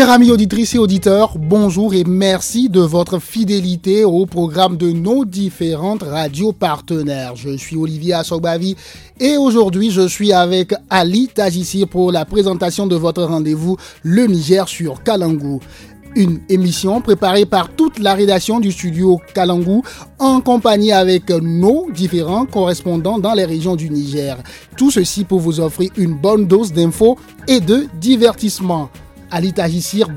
Chers amis auditrices et auditeurs, bonjour et merci de votre fidélité au programme de nos différentes radios partenaires. Je suis Olivier Assobavi et aujourd'hui je suis avec Ali Tajissir pour la présentation de votre rendez-vous Le Niger sur Kalangou. Une émission préparée par toute la rédaction du studio Kalangu en compagnie avec nos différents correspondants dans les régions du Niger. Tout ceci pour vous offrir une bonne dose d'infos et de divertissement. Ali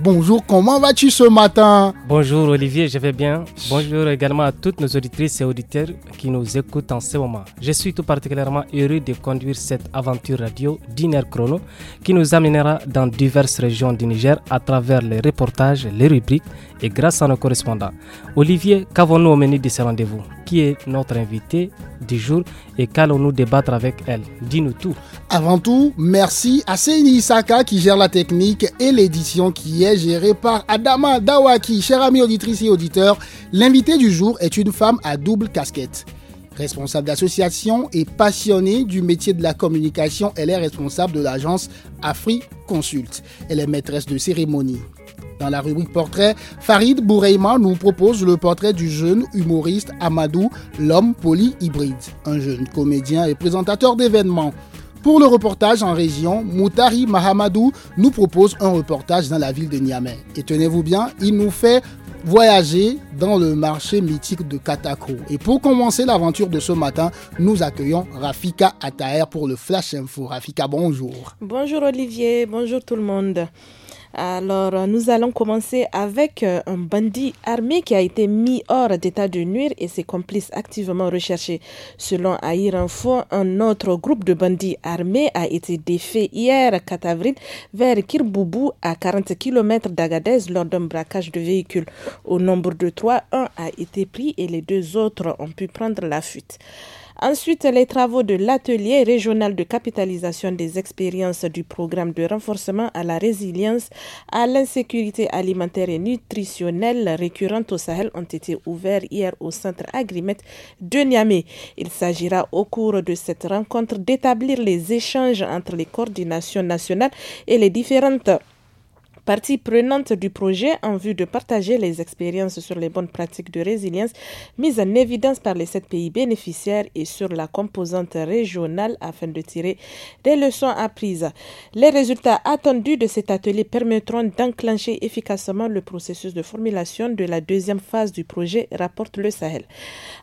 bonjour, comment vas-tu ce matin Bonjour Olivier, je vais bien. Bonjour également à toutes nos auditrices et auditeurs qui nous écoutent en ce moment. Je suis tout particulièrement heureux de conduire cette aventure radio Dinner Chrono qui nous amènera dans diverses régions du Niger à travers les reportages, les rubriques et grâce à nos correspondants. Olivier, qu'avons-nous au menu de ce rendez-vous Qui est notre invité du jour et qu'allons-nous débattre avec elle Dis-nous tout. Avant tout, merci à Seini Isaka qui gère la technique et l'édition qui est gérée par Adama Dawaki. Chers amis auditrices et auditeurs, l'invité du jour est une femme à double casquette. Responsable d'association et passionnée du métier de la communication, elle est responsable de l'agence Afri Consult. Elle est maîtresse de cérémonie, dans la rubrique portrait, Farid Boureima nous propose le portrait du jeune humoriste Amadou, l'homme polyhybride, un jeune comédien et présentateur d'événements. Pour le reportage en région, Moutari Mahamadou nous propose un reportage dans la ville de Niamey. Et tenez-vous bien, il nous fait voyager dans le marché mythique de Katako. Et pour commencer l'aventure de ce matin, nous accueillons Rafika Ataer pour le Flash Info. Rafika, bonjour. Bonjour Olivier, bonjour tout le monde. Alors, euh, nous allons commencer avec euh, un bandit armé qui a été mis hors d'état de nuire et ses complices activement recherchés. Selon Aïr Info, un autre groupe de bandits armés a été défait hier 4 avril vers Kirboubou à 40 km d'Agadez lors d'un braquage de véhicules. Au nombre de trois, un a été pris et les deux autres ont pu prendre la fuite. Ensuite, les travaux de l'atelier régional de capitalisation des expériences du programme de renforcement à la résilience à l'insécurité alimentaire et nutritionnelle récurrente au Sahel ont été ouverts hier au centre Agrimet de Niamey. Il s'agira au cours de cette rencontre d'établir les échanges entre les coordinations nationales et les différentes partie prenante du projet en vue de partager les expériences sur les bonnes pratiques de résilience mises en évidence par les sept pays bénéficiaires et sur la composante régionale afin de tirer des leçons apprises. Les résultats attendus de cet atelier permettront d'enclencher efficacement le processus de formulation de la deuxième phase du projet, rapporte le Sahel.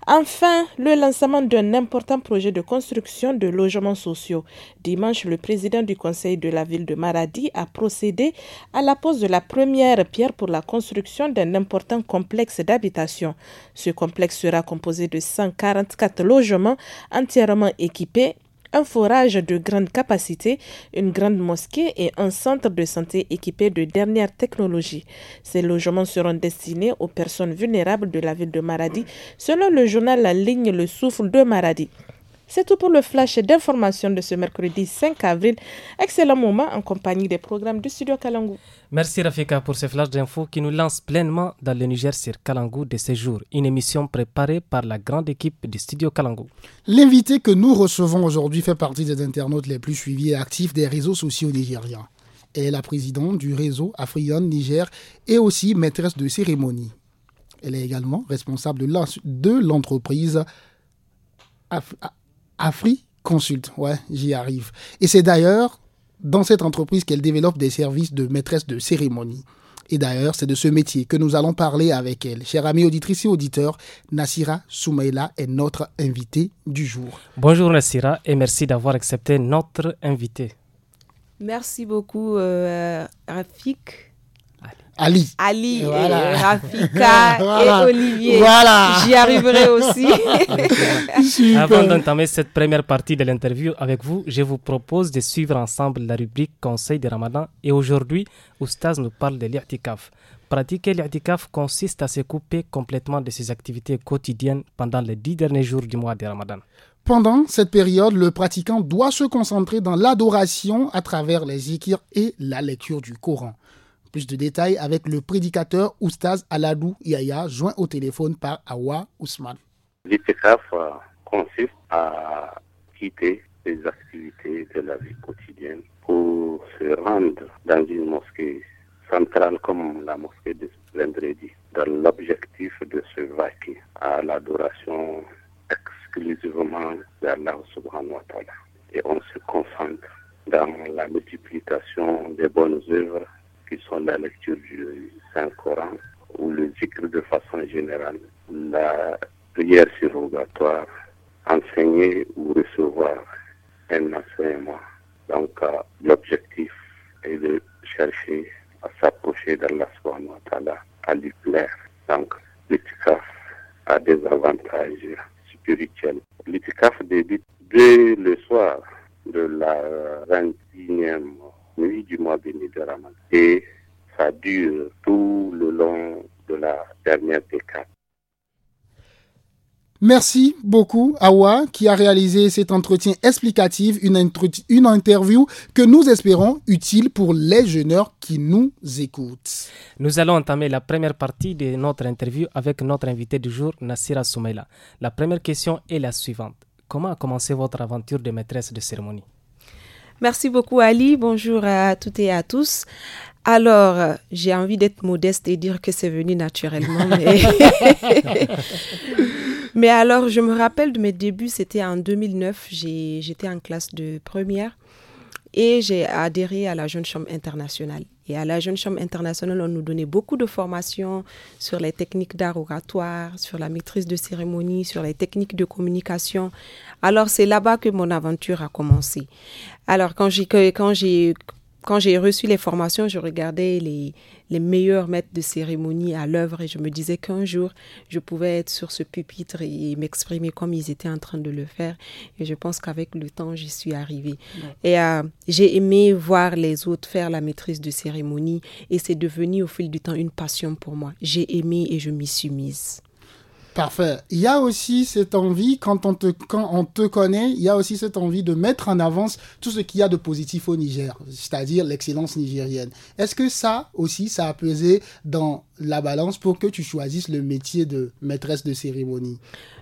Enfin, le lancement d'un important projet de construction de logements sociaux. Dimanche, le président du conseil de la ville de Maradi a procédé à la la pose de la première pierre pour la construction d'un important complexe d'habitation. Ce complexe sera composé de 144 logements entièrement équipés un forage de grande capacité, une grande mosquée et un centre de santé équipé de dernières technologies. Ces logements seront destinés aux personnes vulnérables de la ville de Maradi, selon le journal La Ligne Le Souffle de Maradi. C'est tout pour le flash d'information de ce mercredi 5 avril. Excellent moment en compagnie des programmes du studio Kalangu. Merci Rafika pour ce flash d'infos qui nous lance pleinement dans le Niger sur Kalangou de ces jours. Une émission préparée par la grande équipe du studio Kalangu. L'invité que nous recevons aujourd'hui fait partie des internautes les plus suivis et actifs des réseaux sociaux nigériens. Elle est la présidente du réseau Afrian Niger et aussi maîtresse de cérémonie. Elle est également responsable de l'entreprise Afri consulte, Ouais, j'y arrive. Et c'est d'ailleurs dans cette entreprise qu'elle développe des services de maîtresse de cérémonie. Et d'ailleurs, c'est de ce métier que nous allons parler avec elle. chère amis auditrices et auditeurs, Nassira Soumaïla est notre invitée du jour. Bonjour Nassira et merci d'avoir accepté notre invité. Merci beaucoup euh, Rafik. Ali. Ali, et Rafika et Olivier. Voilà. J'y arriverai aussi. Avant d'entamer cette première partie de l'interview avec vous, je vous propose de suivre ensemble la rubrique Conseil de Ramadan. Et aujourd'hui, Oustaz nous parle de l'i'tikaf. Pratiquer l'i'tikaf consiste à se couper complètement de ses activités quotidiennes pendant les dix derniers jours du mois de Ramadan. Pendant cette période, le pratiquant doit se concentrer dans l'adoration à travers les zikirs et la lecture du Coran. Plus de détails avec le prédicateur Oustaz Aladou Yaya, joint au téléphone par Awa Ousmane. L'ITKAF euh, consiste à quitter les activités de la vie quotidienne pour se rendre dans une mosquée centrale comme la mosquée de vendredi, dans l'objectif de se vaquer à l'adoration exclusivement d'Allah subhanahu wa Et on se concentre dans la multiplication des bonnes œuvres qui sont la lecture du Saint-Coran ou le cycle de façon générale, la prière surrogatoire, enseigner ou recevoir un enseignement. Donc, euh, l'objectif est de chercher à s'approcher de la soirée à lui plaire. Donc, l'itikaf a des avantages spirituels. L'itikaf débute dès le soir de la 21e du mois béni de Ramadan. ça dure tout le long de la dernière décade. Merci beaucoup, Awa, qui a réalisé cet entretien explicatif, une, interview que nous espérons utile pour les jeuneurs qui nous écoutent. Nous allons entamer la première partie de notre interview avec notre invité du jour, Nassira Soumela. La première question est la suivante. Comment a commencé votre aventure de maîtresse de cérémonie Merci beaucoup Ali. Bonjour à toutes et à tous. Alors, j'ai envie d'être modeste et dire que c'est venu naturellement. Mais... alors, je me rappelle de mes débuts, c'était en 2009. J'étais en classe de première et j'ai adhéré à la Jeune Chambre internationale à la Jeune Chambre internationale, on nous donnait beaucoup de formations sur les techniques d'art sur la maîtrise de cérémonie, sur les techniques de communication. Alors c'est là-bas que mon aventure a commencé. Alors quand j'ai quand j'ai quand j'ai reçu les formations, je regardais les, meilleurs maîtres de cérémonie à l'œuvre et je me disais qu'un jour, je pouvais être sur ce pupitre et m'exprimer comme ils étaient en train de le faire. Et je pense qu'avec le temps, j'y suis arrivée. Et euh, j'ai aimé voir les autres faire la maîtrise de cérémonie et c'est devenu au fil du temps une passion pour moi. J'ai aimé et je m'y suis mise. Parfait. Il y a aussi cette envie, quand on te, quand on te connaît, il y a aussi cette envie de mettre en avance tout ce qu'il y a de positif au Niger, c'est-à-dire l'excellence nigérienne. Est-ce que ça aussi, ça a pesé dans la balance pour que tu choisisses le métier de maîtresse de cérémonie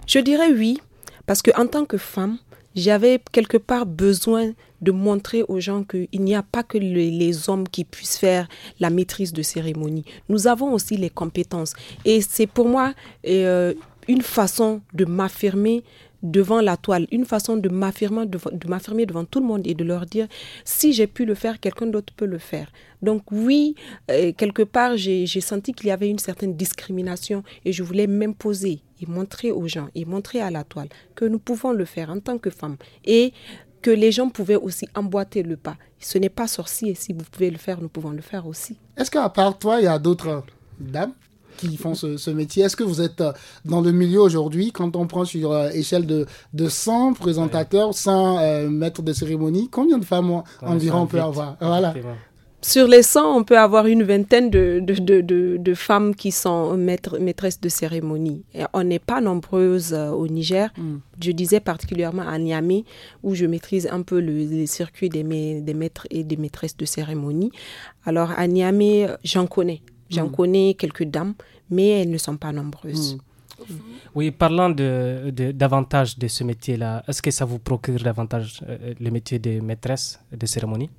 Je dirais oui, parce qu'en tant que femme, j'avais quelque part besoin de montrer aux gens qu'il n'y a pas que les, hommes qui puissent faire la maîtrise de cérémonie. Nous avons aussi les compétences. Et c'est pour moi euh, une façon de m'affirmer, devant la toile, une façon de m'affirmer devant, de devant tout le monde et de leur dire si j'ai pu le faire, quelqu'un d'autre peut le faire. Donc oui, euh, quelque part, j'ai senti qu'il y avait une certaine discrimination et je voulais m'imposer et montrer aux gens et montrer à la toile que nous pouvons le faire en tant que femmes et que les gens pouvaient aussi emboîter le pas. Ce n'est pas sorcier, si vous pouvez le faire, nous pouvons le faire aussi. Est-ce qu'à part toi, il y a d'autres dames qui font ce, métier. Est-ce que vous êtes euh, dans le milieu aujourd'hui, quand on prend sur euh, échelle de, de 100 présentateurs, 100 euh, maîtres de cérémonie, combien de femmes on, environ peut avoir Sur les 100, on peut avoir une vingtaine de, de, de, femmes qui sont maîtres, maîtresses de cérémonie. Et on n'est pas nombreuses au Niger. Hmm. Je disais particulièrement à Niamey, où je maîtrise un peu le, circuit des, des maîtres et des maîtresses de cérémonie. Alors à Niamey, j'en connais. J'en mm. connais quelques dames, mais elles ne sont pas nombreuses. Mm. Oui, parlant de, davantage de ce métier-là, est-ce que ça vous procure davantage euh, le métier de maîtresse de cérémonie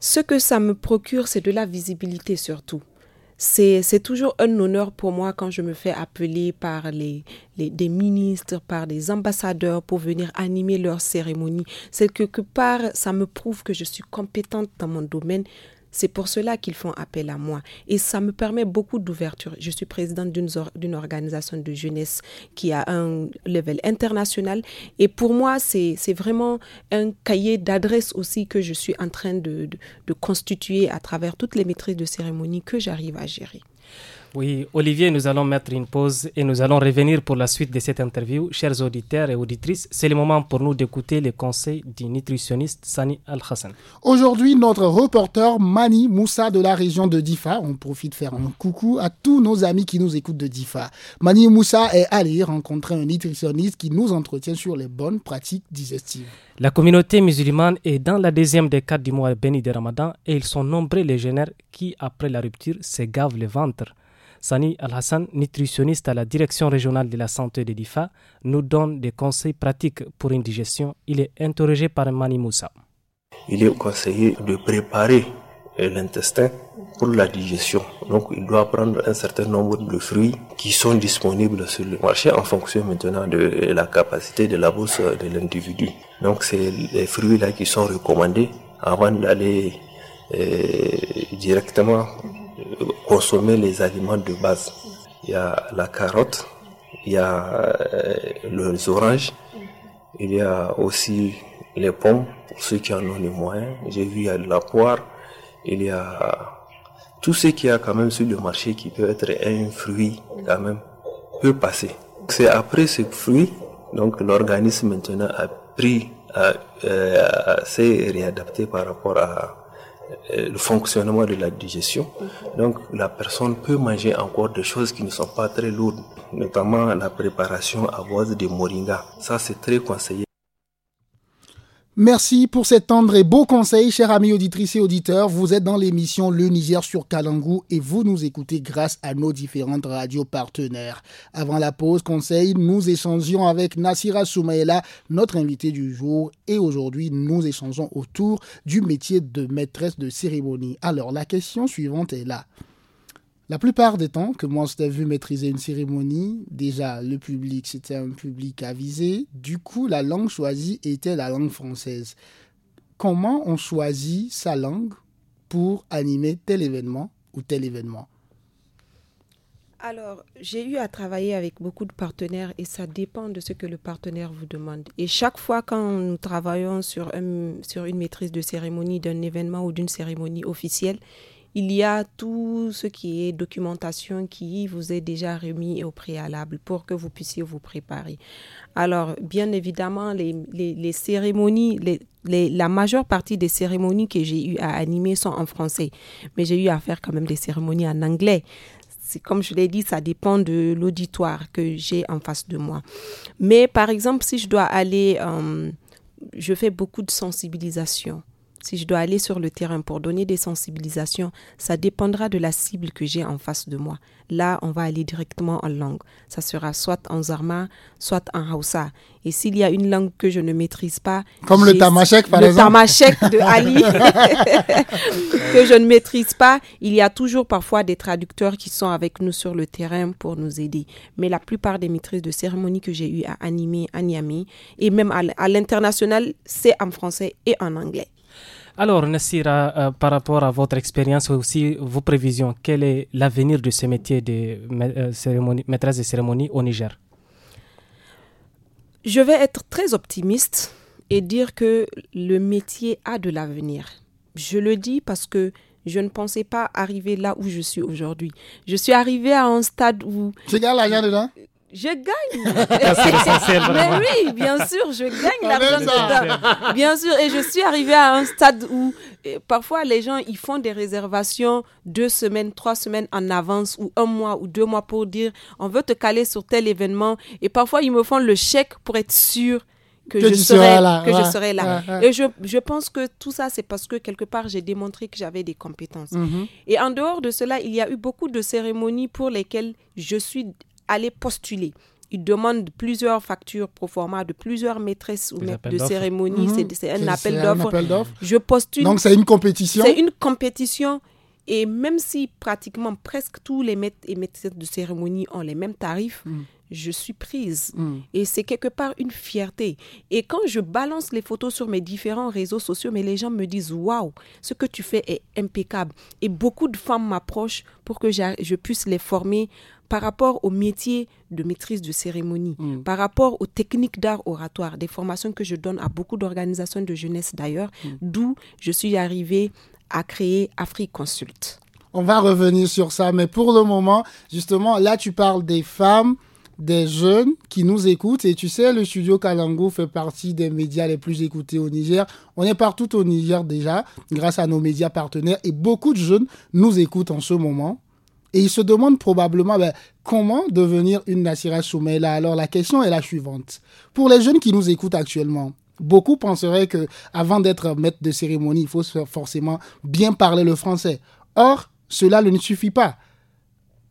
Ce que ça me procure, c'est de la visibilité surtout. C'est toujours un honneur pour moi quand je me fais appeler par les, des ministres, par des ambassadeurs pour venir animer leur cérémonie. C'est quelque part, ça me prouve que je suis compétente dans mon domaine, c'est pour cela qu'ils font appel à moi. Et ça me permet beaucoup d'ouverture. Je suis présidente d'une organisation de jeunesse qui a un level international. Et pour moi, c'est vraiment un cahier d'adresse aussi que je suis en train de, constituer à travers toutes les maîtrises de cérémonie que j'arrive à gérer. Oui, Olivier, nous allons mettre une pause et nous allons revenir pour la suite de cette interview. Chers auditeurs et auditrices, c'est le moment pour nous d'écouter les conseils du nutritionniste Sani Al-Hassan. Aujourd'hui, notre reporter Mani Moussa de la région de Difa, on profite de faire un coucou à tous nos amis qui nous écoutent de Difa. Mani Moussa est allé rencontrer un nutritionniste qui nous entretient sur les bonnes pratiques digestives. La communauté musulmane est dans la deuxième des quatre du mois béni de Ramadan et ils sont nombreux les génères qui, après la rupture, se gavent le ventre. Sani Al-Hassan, nutritionniste à la direction régionale de la santé de DIFA, nous donne des conseils pratiques pour une digestion. Il est interrogé par Mani Moussa. Il est conseillé de préparer l'intestin pour la digestion. Donc il doit prendre un certain nombre de fruits qui sont disponibles sur le marché en fonction maintenant de la capacité de la bourse de l'individu. Donc c'est les fruits là qui sont recommandés avant d'aller euh, directement consommer les aliments de base. Il y a la carotte, il y a euh, les oranges, il y a aussi les pommes, pour ceux qui en ont les moyens. J'ai vu, il y a de la poire, il y a tout ce qu'il y a quand même sur le marché qui peut être un fruit quand même peut passer. C'est après ce fruit, donc l'organisme maintenant a pris, euh, s'est réadapté par rapport à, euh, le fonctionnement de la digestion. Donc la personne peut manger encore des choses qui ne sont pas très lourdes, notamment la préparation à base de moringa. Ça c'est très conseillé. Merci pour cet tendre et beau conseil, chers amis auditrices et auditeurs. Vous êtes dans l'émission Le Niger sur Kalangu et vous nous écoutez grâce à nos différentes radios partenaires. Avant la pause conseil, nous échangeons avec Nassira Soumaïla, notre invité du jour, et aujourd'hui nous échangeons autour du métier de maîtresse de cérémonie. Alors la question suivante est là. La plupart des temps que moi je vu maîtriser une cérémonie, déjà le public c'était un public avisé, du coup la langue choisie était la langue française. Comment on choisit sa langue pour animer tel événement ou tel événement alors, j'ai eu à travailler avec beaucoup de partenaires et ça dépend de ce que le partenaire vous demande. Et chaque fois quand nous travaillons sur, sur une maîtrise de cérémonie d'un événement ou d'une cérémonie officielle, il y a tout ce qui est documentation qui vous est déjà remis au préalable pour que vous puissiez vous préparer. Alors, bien évidemment, les, cérémonies, la majeure partie des cérémonies que j'ai eu à animer sont en français, mais j'ai eu à faire quand même des cérémonies en anglais. C'est comme je l'ai dit, ça dépend de l'auditoire que j'ai en face de moi. Mais par exemple, si je dois aller, euh, je fais beaucoup de sensibilisation si je dois aller sur le terrain pour donner des sensibilisations, ça dépendra de la cible que j'ai en face de moi. Là, on va aller directement en langue. Ça sera soit en Zarma, soit en Hausa. Et s'il y a une langue que je ne maîtrise pas. Comme le Tamashek, par exemple. Le de Ali, que je ne maîtrise pas, il y a toujours parfois des traducteurs qui sont avec nous sur le terrain pour nous aider. Mais la plupart des maîtrises de cérémonie que j'ai eues à animer à Niamey, et même à l'international, c'est en français et en anglais. Alors, Nassira, euh, euh, par rapport à votre expérience aussi vos prévisions, quel est l'avenir de ce métier de euh, maîtresse de cérémonie au Niger Je vais être très optimiste et dire que le métier a de l'avenir. Je le dis parce que je ne pensais pas arriver là où je suis aujourd'hui. Je suis arrivée à un stade où... C'est là, dedans je gagne. c'est Mais oui, bien sûr, je gagne l'argent dedans. Bien sûr, et je suis arrivée à un stade où parfois les gens ils font des réservations deux semaines, trois semaines en avance ou un mois ou deux mois pour dire on veut te caler sur tel événement. Et parfois ils me font le chèque pour être sûr que, je, serai, là, que je serai là. Et je, je, pense que tout ça, c'est parce que quelque part, j'ai démontré que j'avais des compétences. Mm-hmm. Et en dehors de cela, il y a eu beaucoup de cérémonies pour lesquelles je suis aller postuler. Ils demandent plusieurs factures pro forma, de plusieurs maîtresses ou maîtres de cérémonie. Mhm. C'est un, appel d'offres. Je postule. Donc c'est une compétition. C'est une compétition. Et même si pratiquement presque tous les maîtres et maîtresses de cérémonie ont les mêmes tarifs, mhm je suis prise. Mm. Et c'est quelque part une fierté. Et quand je balance les photos sur mes différents réseaux sociaux, mais les gens me disent Waouh, ce que tu fais est impeccable. Et beaucoup de femmes m'approchent pour que je puisse les former par rapport au métier de maîtrise de cérémonie, mm. par rapport aux techniques d'art oratoire, des formations que je donne à beaucoup d'organisations de jeunesse d'ailleurs, mm. d'où je suis arrivée à créer Afrique Consult. On va revenir sur ça, mais pour le moment, justement, là, tu parles des femmes des jeunes qui nous écoutent. Et tu sais, le studio Kalango fait partie des médias les plus écoutés au Niger. On est partout au Niger déjà, grâce à nos médias partenaires. Et beaucoup de jeunes nous écoutent en ce moment. Et ils se demandent probablement ben, comment devenir une Nassira soumela. Alors la question est la suivante. Pour les jeunes qui nous écoutent actuellement, beaucoup penseraient que avant d'être maître de cérémonie, il faut forcément bien parler le français. Or, cela ne suffit pas.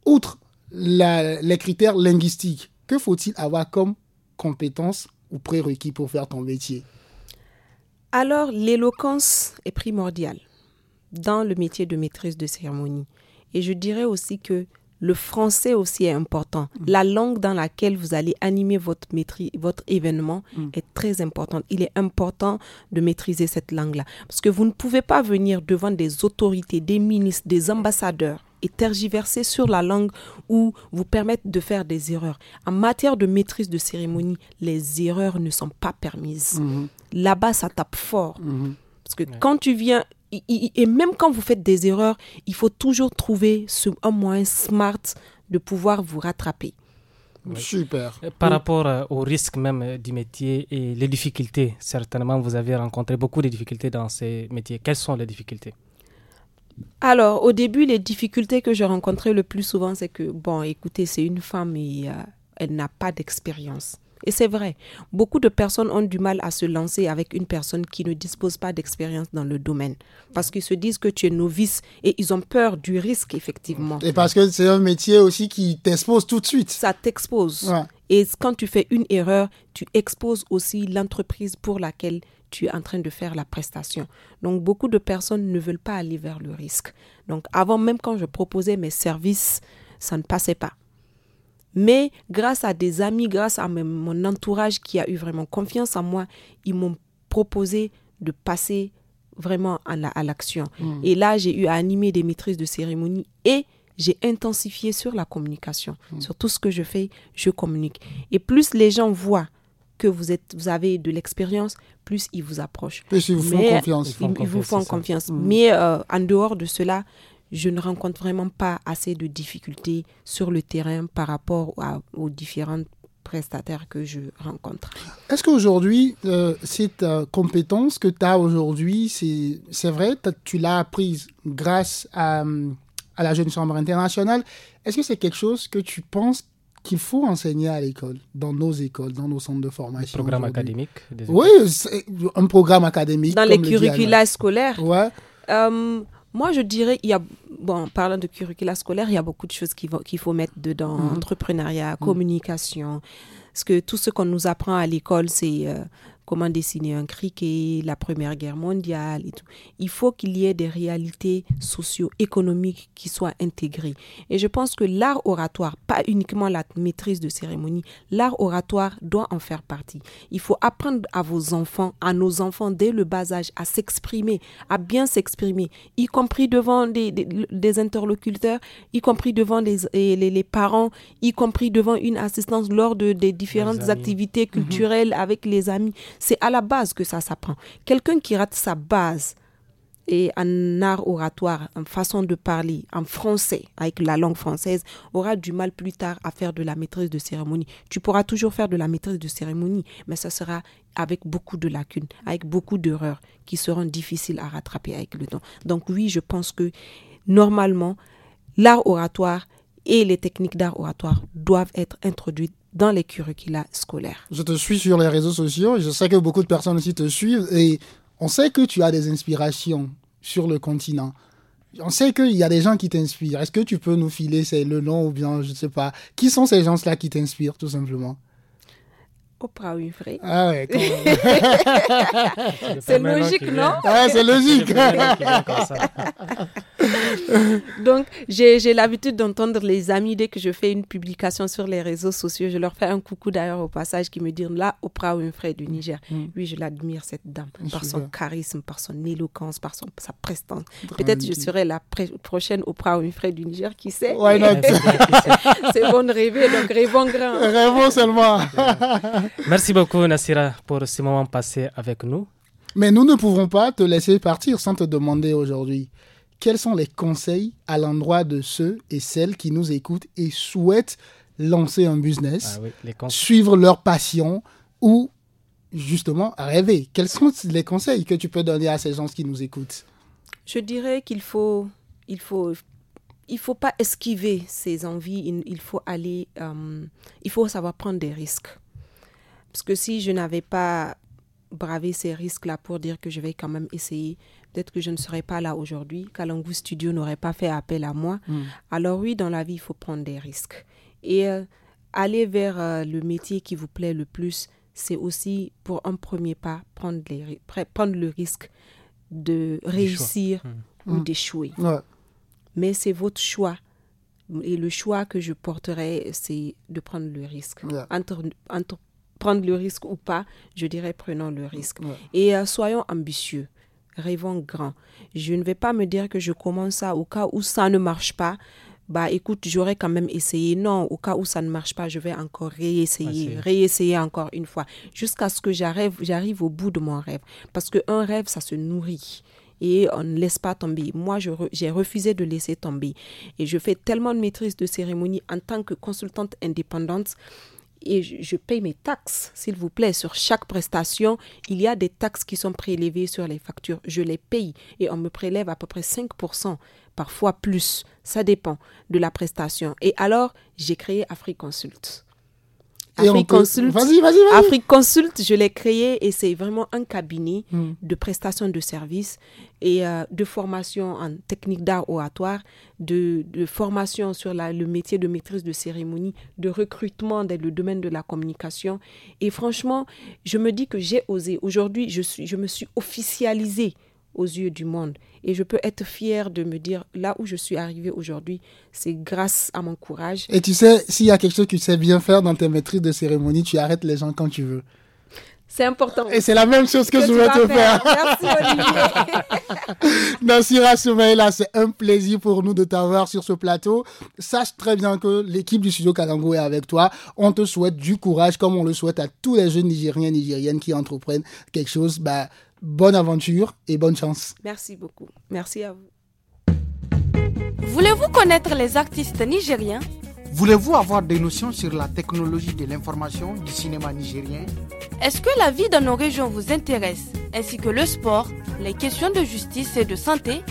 Outre les critères linguistiques. Que faut-il avoir comme compétences ou prérequis pour faire ton métier Alors, l'éloquence est primordiale dans le métier de maîtrise de cérémonie. Et je dirais aussi que le français aussi est important. Mm. La langue dans laquelle vous allez animer votre, maîtrise, votre événement mm. est très importante. Il est important de maîtriser cette langue-là. Parce que vous ne pouvez pas venir devant des autorités, des ministres, des ambassadeurs et tergiverser sur la langue ou vous permettre de faire des erreurs. En matière de maîtrise de cérémonie, les erreurs ne sont pas permises. Mhm. Là-bas, ça tape fort. Mhm. Parce que quand tu viens, et même quand vous faites des erreurs, il faut toujours trouver un moyen smart de pouvoir vous rattraper. Super. Euh, par rapport euh, au risque même euh, du métier et les difficultés, certainement vous avez rencontré beaucoup de difficultés dans ces métiers. Quelles sont les difficultés alors, au début, les difficultés que j'ai rencontrais le plus souvent, c'est que, bon, écoutez, c'est une femme et euh, elle n'a pas d'expérience. Et c'est vrai, beaucoup de personnes ont du mal à se lancer avec une personne qui ne dispose pas d'expérience dans le domaine. Parce qu'ils se disent que tu es novice et ils ont peur du risque, effectivement. Et parce que c'est un métier aussi qui t'expose tout de suite. Ça t'expose. Et quand tu fais une erreur, tu exposes aussi l'entreprise pour laquelle tu es en train de faire la prestation. Donc beaucoup de personnes ne veulent pas aller vers le risque. Donc avant même quand je proposais mes services, ça ne passait pas. Mais grâce à des amis, grâce à mon entourage qui a eu vraiment confiance en moi, ils m'ont proposé de passer vraiment à l'action. Hmm. Et là, j'ai eu à animer des maîtrises de cérémonie et j'ai intensifié sur la communication. Hmm. Sur tout ce que je fais, je communique. Et plus les gens voient que vous, êtes, vous avez de l'expérience, plus ils vous approchent. Plus ils vous font confiance. Ils, vous font confiance. Mais euh, en dehors de cela, je ne rencontre vraiment pas assez de difficultés sur le terrain par rapport aux différentes prestataires que je rencontre. Est-ce qu'aujourd'hui, euh, cette euh, compétence que tu as aujourd'hui, c'est vrai, tu l'as apprise grâce à, hum, à, la Jeune Chambre internationale, est-ce que c'est quelque chose que tu penses qu'il faut enseigner à l'école, dans nos écoles, dans nos centres de formation. Un programme académique Oui, un programme académique. Dans les curricula scolaires ouais. Euh, moi, je dirais, il y a, bon, en parlant de curricula scolaire, il y a beaucoup de choses qu'il faut mettre dedans mhm. entrepreneuriat, mhm. communication. Parce que tout ce qu'on nous apprend à l'école, c'est euh, comment dessiner un criquet, la Première Guerre mondiale et tout. Il faut qu'il y ait des réalités socio-économiques qui soient intégrées. Et je pense que l'art oratoire, pas uniquement la maîtrise de cérémonie, l'art oratoire doit en faire partie. Il faut apprendre à vos enfants, à nos enfants dès le bas âge, à s'exprimer, à bien s'exprimer, y compris devant des, interlocuteurs, y compris devant les, les, parents, y compris devant une assistance lors de, des différentes activités mhm. culturelles avec les amis. C'est à la base que ça s'apprend. Quelqu'un qui rate sa base et un art oratoire, en façon de parler, en français, avec la langue française, aura du mal plus tard à faire de la maîtrise de cérémonie. Tu pourras toujours faire de la maîtrise de cérémonie, mais ça sera avec beaucoup de lacunes, avec beaucoup d'erreurs qui seront difficiles à rattraper avec le temps. Donc oui, je pense que normalement, l'art oratoire et les techniques d'art oratoire doivent être introduites dans les curricula scolaires. Je te suis sur les réseaux sociaux, je sais que beaucoup de personnes aussi te suivent et on sait que tu as des inspirations sur le continent. On sait qu'il y a des gens qui t'inspirent. Est-ce que tu peux nous filer le nom ou bien je ne sais pas Qui sont ces gens-là qui t'inspirent tout simplement Oprah Winfrey. Ah ouais, c'est logique, non ah, C'est logique. Donc, j'ai l'habitude d'entendre les amis dès que je fais une publication sur les réseaux sociaux. Je leur fais un coucou d'ailleurs au passage qui me disent là, Oprah Winfrey du Niger. Mm. Oui, je l'admire cette dame par son charisme, par son éloquence, par son, sa prestance. Peut-être je serai la prochaine Oprah Winfrey du Niger, qui sait C'est bon de rêver, donc rêvons grand. Rêvons seulement. Merci beaucoup Nassira pour ce moment passé avec nous. Mais nous ne pouvons pas te laisser partir sans te demander aujourd'hui quels sont les conseils à l'endroit de ceux et celles qui nous écoutent et souhaitent lancer un business, ah suivre leur passion ou justement rêver Quels sont les conseils que tu peux donner à ces gens qui nous écoutent Je dirais qu'il faut, il faut, il faut pas esquiver ses envies. Il, faut aller, euh, il faut savoir prendre des risques. Parce que si je n'avais pas bravé ces risques-là pour dire que je vais quand même essayer, peut-être que je ne serais pas là aujourd'hui, Kalangu Studio n'aurait pas fait appel à moi. Hmm. Alors oui, dans la vie, il faut prendre des risques. Et euh, aller vers euh, le métier qui vous plaît le plus, c'est aussi pour un premier pas prendre, les, prendre le risque de réussir hmm. ou hmm. d'échouer. Mais c'est votre choix. Et le choix que je porterai, c'est de prendre le risque. prendre le risque ou pas, je dirais prenant le risque. Et euh, soyons ambitieux rêvons grand. Je ne vais pas me dire que je commence ça au cas où ça ne marche pas. Bah écoute, j'aurais quand même essayé. Non, au cas où ça ne marche pas, je vais encore réessayer, réessayer encore une fois, jusqu'à ce que j'arrive, j'arrive au bout de mon rêve. Parce qu'un rêve, ça se nourrit et on ne laisse pas tomber. Moi, je j'ai refusé de laisser tomber. Et je fais tellement de maîtrise de cérémonie en tant que consultante indépendante et je, paye mes taxes, s'il vous plaît, sur chaque prestation. Il y a des taxes qui sont prélevées sur les factures. Je les paye et on me prélève à peu près 5%, parfois plus. Ça dépend de la prestation. Et alors, j'ai créé AfriConsult. Afrique Consult. je l'ai créé et c'est vraiment un cabinet hmm. de prestations de services et euh, de formation en technique d'art oratoire, de, formation sur le métier de maîtrise de cérémonie, de recrutement dans le domaine de la communication. Et franchement, je me dis que j'ai osé. Aujourd'hui, je, je me suis officialisée aux yeux du monde. Et je peux être fière de me dire, là où je suis arrivée aujourd'hui, c'est grâce à mon courage. Et tu sais, s'il y a quelque chose que tu sais bien faire dans tes maîtrises de cérémonie, tu arrêtes les gens quand tu veux. C'est important. Et c'est la même chose que, je voulais te faire. Merci Olivier. là, c'est un plaisir pour nous de t'avoir sur ce plateau. Sache très bien que l'équipe du studio Kalango est avec toi. On te souhaite du courage comme on le souhaite à tous les jeunes Nigériens et Nigériennes qui entreprennent quelque chose. Bah, bonne aventure et bonne chance. Merci beaucoup. Merci à vous. Voulez-vous connaître les artistes nigériens Voulez-vous avoir des notions sur la technologie de l'information du cinéma nigérien Est-ce que la vie dans nos régions vous intéresse, ainsi que le sport, les questions de justice et de santé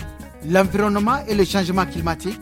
L'environnement et le changement climatique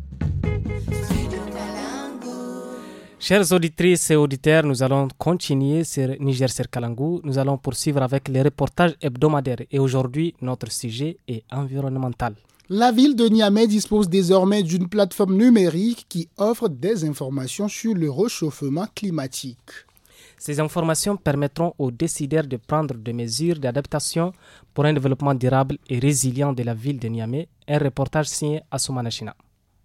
Chers auditrices et auditeurs, nous allons continuer sur Niger serkalangou Nous allons poursuivre avec les reportages hebdomadaires et aujourd'hui, notre sujet est environnemental. La ville de Niamey dispose désormais d'une plateforme numérique qui offre des informations sur le réchauffement climatique. Ces informations permettront aux décideurs de prendre des mesures d'adaptation pour un développement durable et résilient de la ville de Niamey. Un reportage signé à Soumanachina.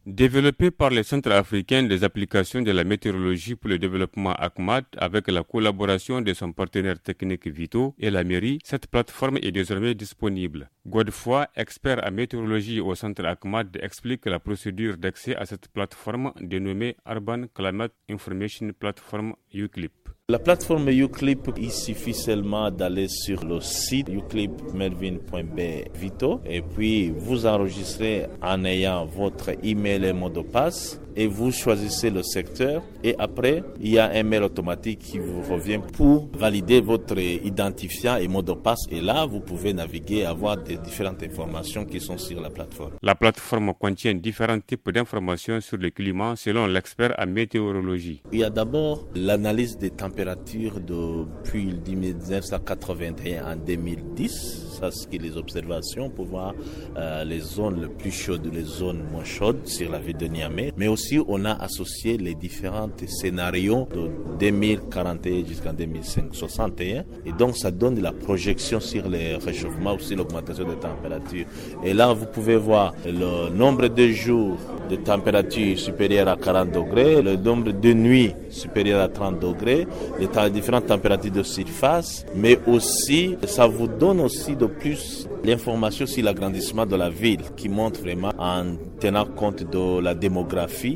Développé par le Centre africain des applications de la météorologie pour le développement ACMAD avec la collaboration de son partenaire technique Vito et la mairie, cette plateforme est désormais disponible. Godefroy, expert en météorologie au Centre ACMAD, explique la procédure d'accès à cette plateforme dénommée Urban Climate Information Platform UCLIP. La plateforme Uclip, il suffit seulement d'aller sur le site uclipmelvin.bvito et puis vous enregistrez en ayant votre email et mot de passe et vous choisissez le secteur et après, il y a un mail automatique qui vous revient pour valider votre identifiant et mot de passe et là, vous pouvez naviguer, avoir des différentes informations qui sont sur la plateforme. La plateforme contient différents types d'informations sur le climat selon l'expert en météorologie. Il y a d'abord l'analyse des températures depuis 1981 en 2010, ça c'est les observations pour voir euh, les zones les plus chaudes, ou les zones moins chaudes sur la ville de Niamey, mais aussi on a associé les différents scénarios de 2041 jusqu'en 2061. Et donc, ça donne la projection sur le réchauffement aussi l'augmentation des températures. Et là, vous pouvez voir le nombre de jours de température supérieure à 40 degrés, le nombre de nuits supérieure à 30 degrés, les différentes températures de surface, mais aussi, ça vous donne aussi de plus l'information sur l'agrandissement de la ville qui montre vraiment en tenant compte de la démographie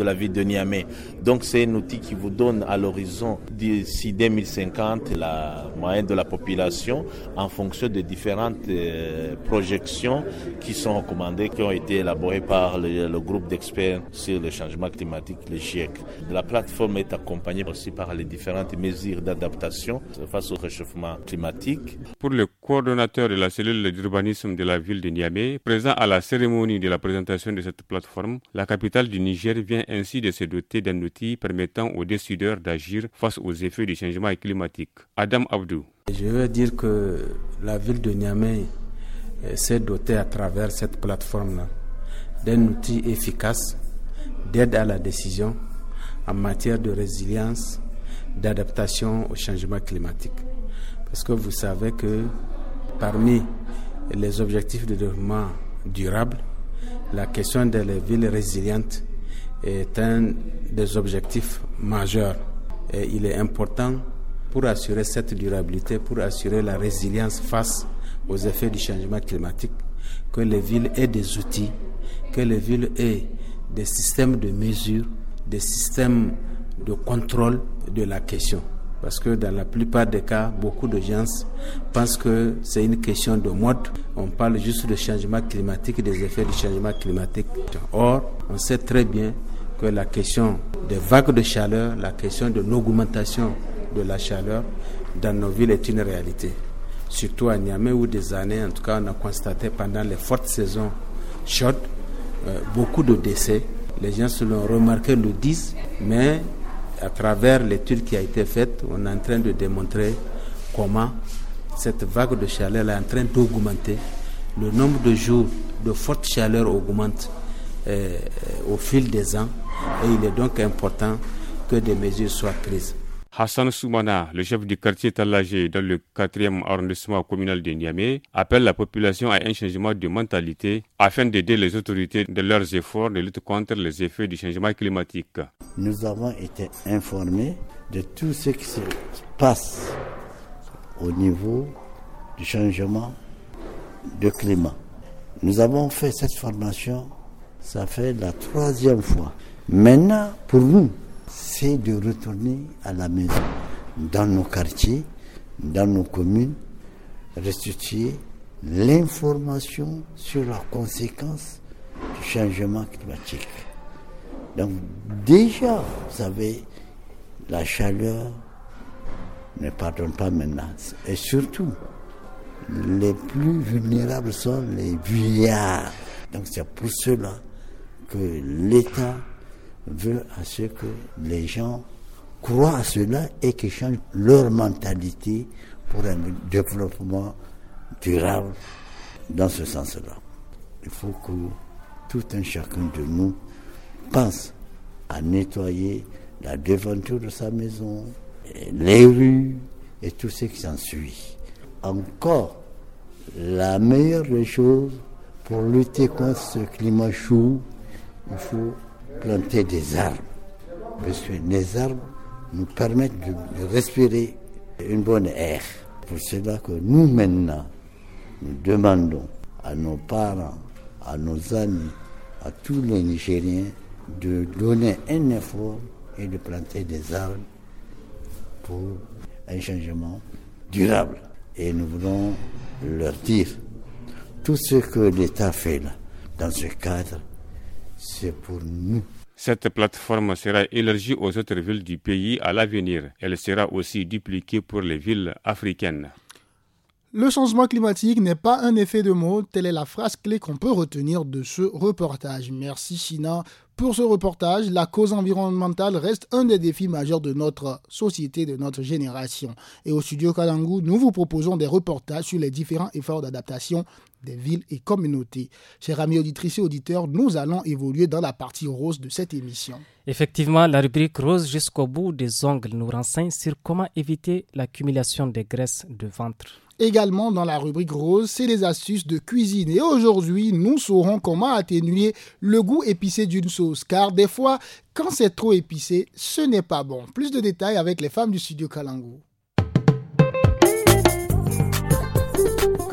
de la ville de Niamey. Donc c'est un outil qui vous donne à l'horizon d'ici 2050 la moyenne de la population en fonction des différentes euh, projections qui sont recommandées, qui ont été élaborées par le, groupe d'experts sur le changement climatique, le GIEC. La plateforme est accompagnée aussi par les différentes mesures d'adaptation face au réchauffement climatique. Pour le coordonnateur de la cellule d'urbanisme de la ville de Niamey, présent à la cérémonie de la présentation de cette plateforme, la capitale du Niger vient ainsi de se doter d'un outil permettant aux décideurs d'agir face aux effets du changement climatique. Adam Abdou. Je veux dire que la ville de Niamey euh, s'est dotée à travers cette plateforme-là d'un outil efficace d'aide à la décision en matière de résilience, d'adaptation au changement climatique. Parce que vous savez que parmi les objectifs de développement durable, la question des villes résilientes est un des objectifs majeurs et il est important pour assurer cette durabilité, pour assurer la résilience face aux effets du changement climatique, que les villes aient des outils, que les villes aient des systèmes de mesure, des systèmes de contrôle de la question. Parce que dans la plupart des cas, beaucoup de gens pensent que c'est une question de mode. On parle juste de changement climatique et des effets du changement climatique. Or, on sait très bien que la question des vagues de chaleur, la question de l'augmentation de la chaleur dans nos villes est une réalité. Surtout à Niamey où des années, en tout cas, on a constaté pendant les fortes saisons chaudes, euh, beaucoup de décès. Les gens se l'ont remarqué, le disent, mais à travers l'étude qui a été faite, on est en train de démontrer comment cette vague de chaleur est en train d'augmenter. Le nombre de jours de forte chaleur augmente euh, au fil des ans et il est donc important que des mesures soient prises. Hassan Soumana, le chef du quartier Talagé dans le 4e arrondissement communal de Niamey, appelle la population à un changement de mentalité afin d'aider les autorités dans leurs efforts de lutte contre les effets du changement climatique. Nous avons été informés de tout ce qui se passe au niveau du changement de climat. Nous avons fait cette formation, ça fait la troisième fois. Maintenant, pour nous, c'est de retourner à la maison, dans nos quartiers, dans nos communes, restituer l'information sur la conséquence du changement climatique. Donc déjà, vous savez, la chaleur ne pardonne pas maintenant. Et surtout, les plus vulnérables sont les vieillards. Donc c'est pour cela que l'État veut à ce que les gens croient à cela et qu'ils changent leur mentalité pour un développement durable dans ce sens-là. Il faut que tout un chacun de nous pense à nettoyer la devanture de sa maison, les rues et tout ce qui s'ensuit. Encore, la meilleure des choses pour lutter contre ce climat chaud, il faut planter des arbres. Parce que les arbres nous permettent de respirer une bonne air. Pour cela que nous maintenant, nous demandons à nos parents, à nos amis, à tous les Nigériens de donner un effort et de planter des arbres pour un changement durable. Et nous voulons leur dire tout ce que l'État fait là, dans ce cadre, c'est pour nous. Cette plateforme sera élargie aux autres villes du pays à l'avenir. Elle sera aussi dupliquée pour les villes africaines. Le changement climatique n'est pas un effet de mots. telle est la phrase clé qu'on peut retenir de ce reportage. Merci China pour ce reportage, la cause environnementale reste un des défis majeurs de notre société, de notre génération. Et au studio Kalangu, nous vous proposons des reportages sur les différents efforts d'adaptation des villes et communautés. Chers amis auditrices et auditeurs, nous allons évoluer dans la partie rose de cette émission. Effectivement, la rubrique rose jusqu'au bout des ongles nous renseigne sur comment éviter l'accumulation des graisses de ventre. Également dans la rubrique rose, c'est les astuces de cuisine. Et aujourd'hui, nous saurons comment atténuer le goût épicé d'une sauce. Car des fois, quand c'est trop épicé, ce n'est pas bon. Plus de détails avec les femmes du studio Kalango.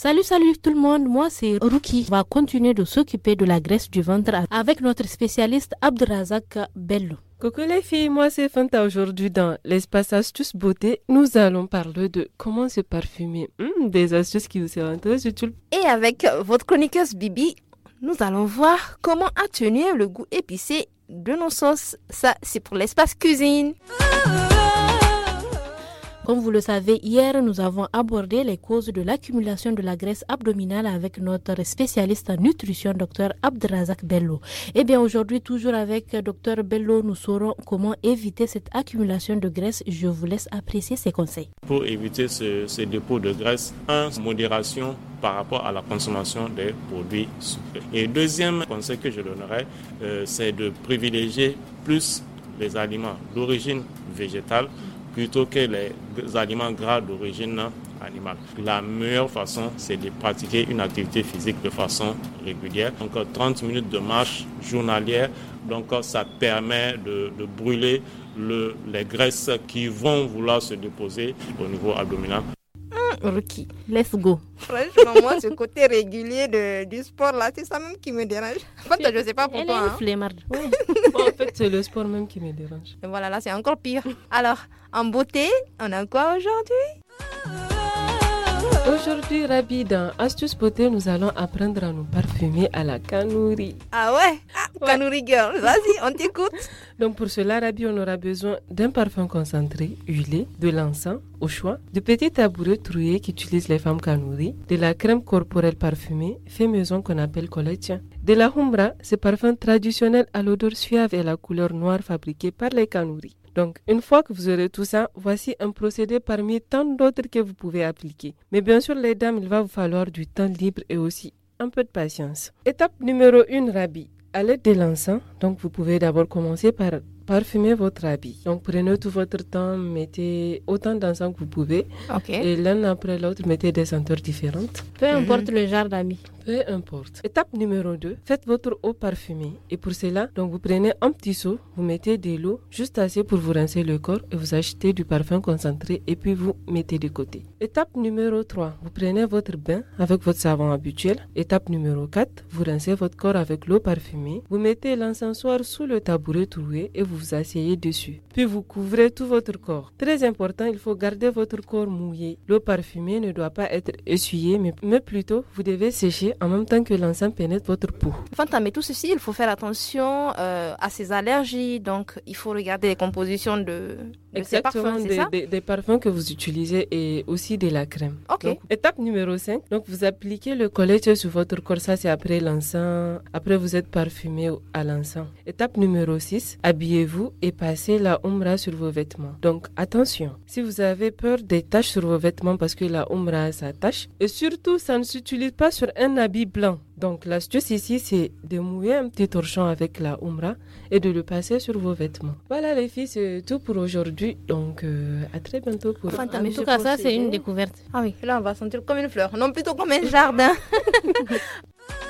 Salut, salut tout le monde. Moi, c'est Ruki. On va continuer de s'occuper de la graisse du ventre avec notre spécialiste Abdrazak Bello. Coucou les filles, moi c'est Fanta. Aujourd'hui dans l'espace astuces beauté, nous allons parler de comment se parfumer. Hmm, des astuces qui vous seront très utiles. Et avec votre chroniqueuse Bibi, nous allons voir comment atténuer le goût épicé de nos sauces. Ça, c'est pour l'espace cuisine. Comme vous le savez, hier, nous avons abordé les causes de l'accumulation de la graisse abdominale avec notre spécialiste en nutrition, Dr Abdrazak Bello. Eh bien, aujourd'hui, toujours avec Dr Bello, nous saurons comment éviter cette accumulation de graisse. Je vous laisse apprécier ses conseils. Pour éviter ce, ces dépôts de graisse, en modération par rapport à la consommation des produits sucrés. Et deuxième conseil que je donnerai euh, c'est de privilégier plus les aliments d'origine végétale plutôt que les aliments gras d'origine animale. La meilleure façon, c'est de pratiquer une activité physique de façon régulière. Donc 30 minutes de marche journalière, donc ça permet de, brûler les graisses qui vont vouloir se déposer au niveau abdominal. Hein, Rookie, let's go. Franchement, moi, ce côté régulier de, du sport là, c'est ça même qui me dérange. En fait, je sais pas pourquoi. Elle est une hein. en fait, c'est le sport même qui me dérange. Et voilà, là, c'est encore pire. Alors, en beauté, on a quoi aujourd'hui Aujourd'hui, Rabi, dans Astuce Beauté, nous allons apprendre à nous parfumer à la canouri. Ah ouais, Kanouri ah, girl, vas-y, on t'écoute. Donc pour cela, Rabi, on aura besoin d'un parfum concentré, huilé, de l'encens, au choix, de petits tabourets troués qu'utilisent les femmes canouri, de la crème corporelle parfumée, fait maison qu'on appelle colletien, de la humbra, ce parfum traditionnel à l'odeur suave et à la couleur noire fabriquée par les canouris. Donc, une fois que vous aurez tout ça, voici un procédé parmi tant d'autres que vous pouvez appliquer. Mais bien sûr, les dames, il va vous falloir du temps libre et aussi un peu de patience. Étape numéro 1, Rabi. À l'aide de l'encens, donc vous pouvez d'abord commencer par parfumer votre habit. Donc prenez tout votre temps, mettez autant d'encens que vous pouvez. Et l'un après l'autre, mettez des senteurs différentes. Peu importe mhm. le genre d'habit importe. Étape numéro 2, faites votre eau parfumée. Et pour cela, donc vous prenez un petit seau, vous mettez de l'eau juste assez pour vous rincer le corps et vous achetez du parfum concentré et puis vous mettez de côté. Étape numéro 3, vous prenez votre bain avec votre savon habituel. Étape numéro 4, vous rincez votre corps avec l'eau parfumée. Vous mettez l'encensoir sous le tabouret troué et vous vous asseyez dessus. Puis vous couvrez tout votre corps. Très important, il faut garder votre corps mouillé. L'eau parfumée ne doit pas être essuyée, mais, mais plutôt vous devez sécher en même temps que l'enceinte pénètre votre peau. Fanta, mais tout ceci, il faut faire attention euh, à ses allergies. Donc, il faut regarder les compositions de, Exactement, des, parfums que vous utilisez et aussi de la crème. Ok. étape numéro 5, donc vous appliquez le collet sur votre corps, ça c'est après l'encens, après vous êtes parfumé à l'encens. Étape numéro 6, habillez-vous et passez la umra sur vos vêtements. Donc attention, si vous avez peur des taches sur vos vêtements parce que la umra s'attache, et surtout ça ne s'utilise pas sur un habit blanc. Donc l'astuce ici, c'est de mouiller un petit torchon avec la umra et de le passer sur vos vêtements. Voilà les filles, c'est tout pour aujourd'hui. Donc, euh, à très bientôt pour. en tout cas, ça, c'est une découverte. Ah oui, là, on va sentir comme une fleur, non plutôt comme un jardin.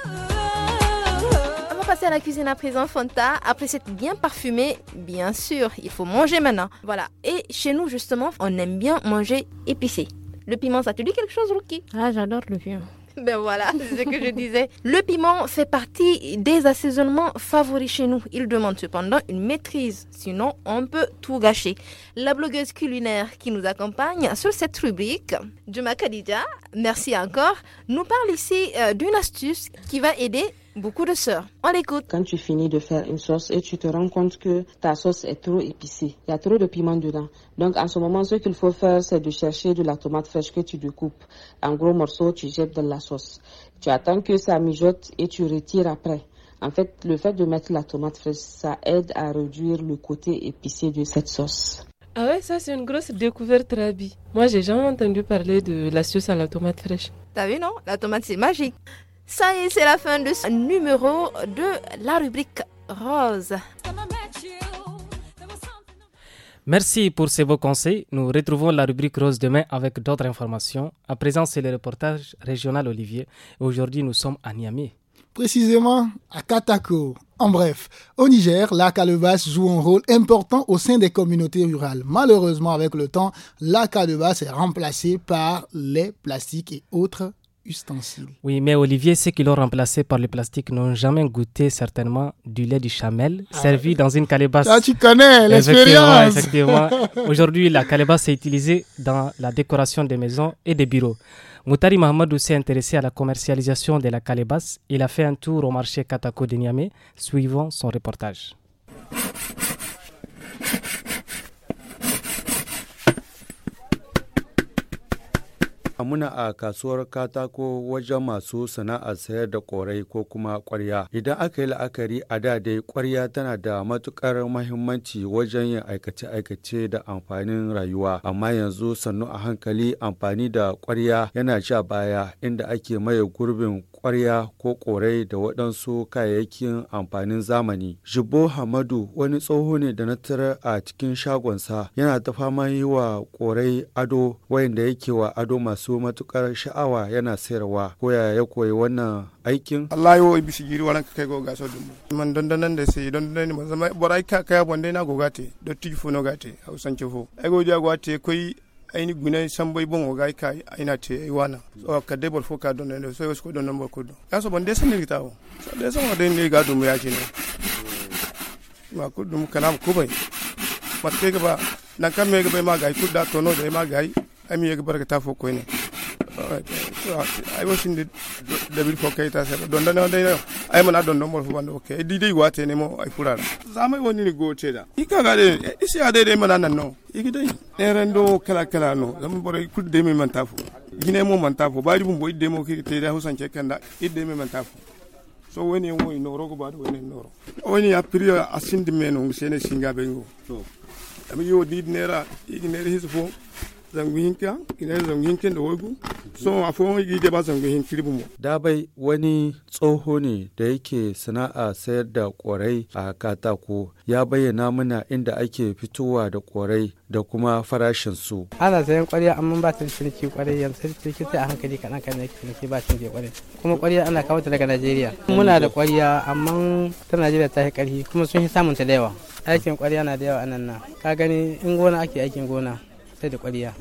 on va passer à la cuisine à présent, Fanta. Après c'est bien parfumé, bien sûr, il faut manger maintenant. Voilà. Et chez nous, justement, on aime bien manger épicé. Le piment, ça te dit quelque chose, Rookie Ah, j'adore le piment. ben voilà, c'est ce que je disais. Le piment fait partie des assaisonnements favoris chez nous. Il demande cependant une maîtrise, sinon on peut tout gâcher. La blogueuse culinaire qui nous accompagne sur cette rubrique, Juma Khadija, merci encore, nous parle ici euh, d'une astuce qui va aider beaucoup de soeurs. On écoute. Quand tu finis de faire une sauce et tu te rends compte que ta sauce est trop épicée, il y a trop de piment dedans. Donc en ce moment, ce qu'il faut faire, c'est de chercher de la tomate fraîche que tu découpes en gros morceaux, tu jettes dans la sauce. Tu attends que ça mijote et tu retires après. En fait, le fait de mettre la tomate fraîche, ça aide à réduire le côté épicé de cette sauce. Ah ouais, ça c'est une grosse découverte, Rabi. Moi, j'ai jamais entendu parler de la sauce à la tomate fraîche. T'as vu, non La tomate, c'est magique. Ça y est, c'est la fin de ce numéro de la rubrique rose. Merci pour ces beaux conseils. Nous retrouvons la rubrique rose demain avec d'autres informations. À présent, c'est le reportage régional Olivier. Aujourd'hui, nous sommes à Niamey. Précisément à Katako. En bref, au Niger, la calebasse joue un rôle important au sein des communautés rurales. Malheureusement, avec le temps, la calebasse est remplacée par les plastiques et autres oui, mais Olivier, ceux qui l'ont remplacé par le plastique n'ont jamais goûté certainement du lait du chamel ah, servi dans une calebasse. Ah, tu connais l'expérience Effectivement. effectivement. Aujourd'hui, la calebasse est utilisée dans la décoration des maisons et des bureaux. Moutari Mahamadou s'est intéressé à la commercialisation de la calebasse. Il a fait un tour au marché Katako de Niamey, suivant son reportage. muna a kasuwar katako wajen masu sana'a sayar da korai ko kuma kwarya idan aka yi la'akari a da dai kwarya tana da matukar mahimmanci wajen yin aikace-aikace da amfanin rayuwa amma yanzu sannu a hankali amfani da kwarya yana sha baya inda ake maye gurbin kwarya ko korai da waɗansu kayayyakin amfanin zamani. Jibo Hamadu wani tsoho ne da na tara a cikin shagonsa yana ta fama yi wa korai ado wayanda yake wa ado masu su matukar sha'awa yana sayarwa ko ya ya koyi wannan aikin Allah yo ibi sigiri waran ka kai go gaso dum man don da sai dandanan man zama borai ka kai dai na gogate do tifu no gate hausan kifo ai go jago ate koi aini gunai bai bon ogai ka aina te wana so ka de bol foka don ne so ko don number ko do kaso bonde sai ne tawo so de so bonde ne ga dum ya ce ne ma ku mu kalam ku bai ka ba nan kan me ga bai ma gai ku da tono da ma gai ami yegi barkata fo koyne ay wasinde dabil fo kayta sebe don dana dana ay mana don don morfo bando ke di dei wate ne mo ay furara zama e woni ni gote da ika ga de isi e ade de mana nan no igi dei ne rendo kala kala no zam bore ku de mi man tafo gine mo man tafo bari bum boy de mo ki te da husan ce kanda idde mi man tafo so woni mo ino rogo ba do woni noro woni ya priya asindi meno sene singa bengo to ami yo di nera igi nera hisu fo zangu kina zangu da wogu so a fon yi da ba zangu mu da dabai wani tsoho ne da yake sana'a sayar da kwarai a katako ya bayyana mana inda ake fitowa da kwarai da kuma farashin su ana sayan kwarya amma ba ta ciniki kwarai yanzu ciniki sai a hankali kaɗan kaɗan yake ciniki ba ciniki kwarai kuma kwarya ana kawo ta daga Najeriya muna da kwarya amma ta Najeriya ta yi ƙarfi kuma sun yi samun ta da yawa aikin kwarya na da yawa anan nan ka gani in gona ake aikin gona sai da ƙwariya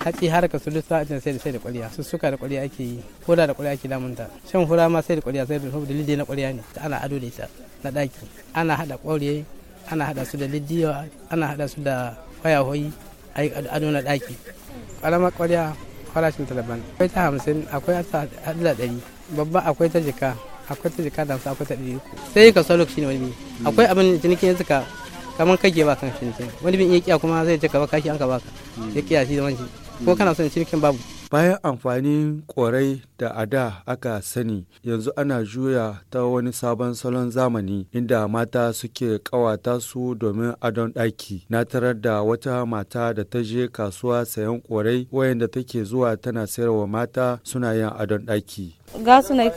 hatsi har ka sulu sa'atin sai da sai da ƙwarya su suka da ƙwarya ake yi hura da ƙwarya ake damunta shan hura ma sai da ƙwarya sai da da lidi na ƙwarya ne ana ado da ita na daki ana hada ƙwarye ana hada su da lidi ana hada su da waya hoyi ai ado na daki. ƙarama ƙwarya farashin talaban akwai ta hamsin akwai ta da dari babba akwai ta jika akwai ta jika da su akwai ta dari sai ka salo shi ne wani akwai abin yanzu ya kamar kage ba kan cinikin wani bin iya kiya kuma zai je kaba kashi an ka baka hmm. ya kiya shi da wanci ko kana son cinikin babu bayan amfanin korai da ada aka sani yanzu ana juya ta wani sabon salon zamani inda mata suke kawata su domin adon ɗaki na tarar da wata mata da ta je kasuwa sayan korai wayanda take zuwa tana sayarwa mata suna yin adon ɗaki gasu na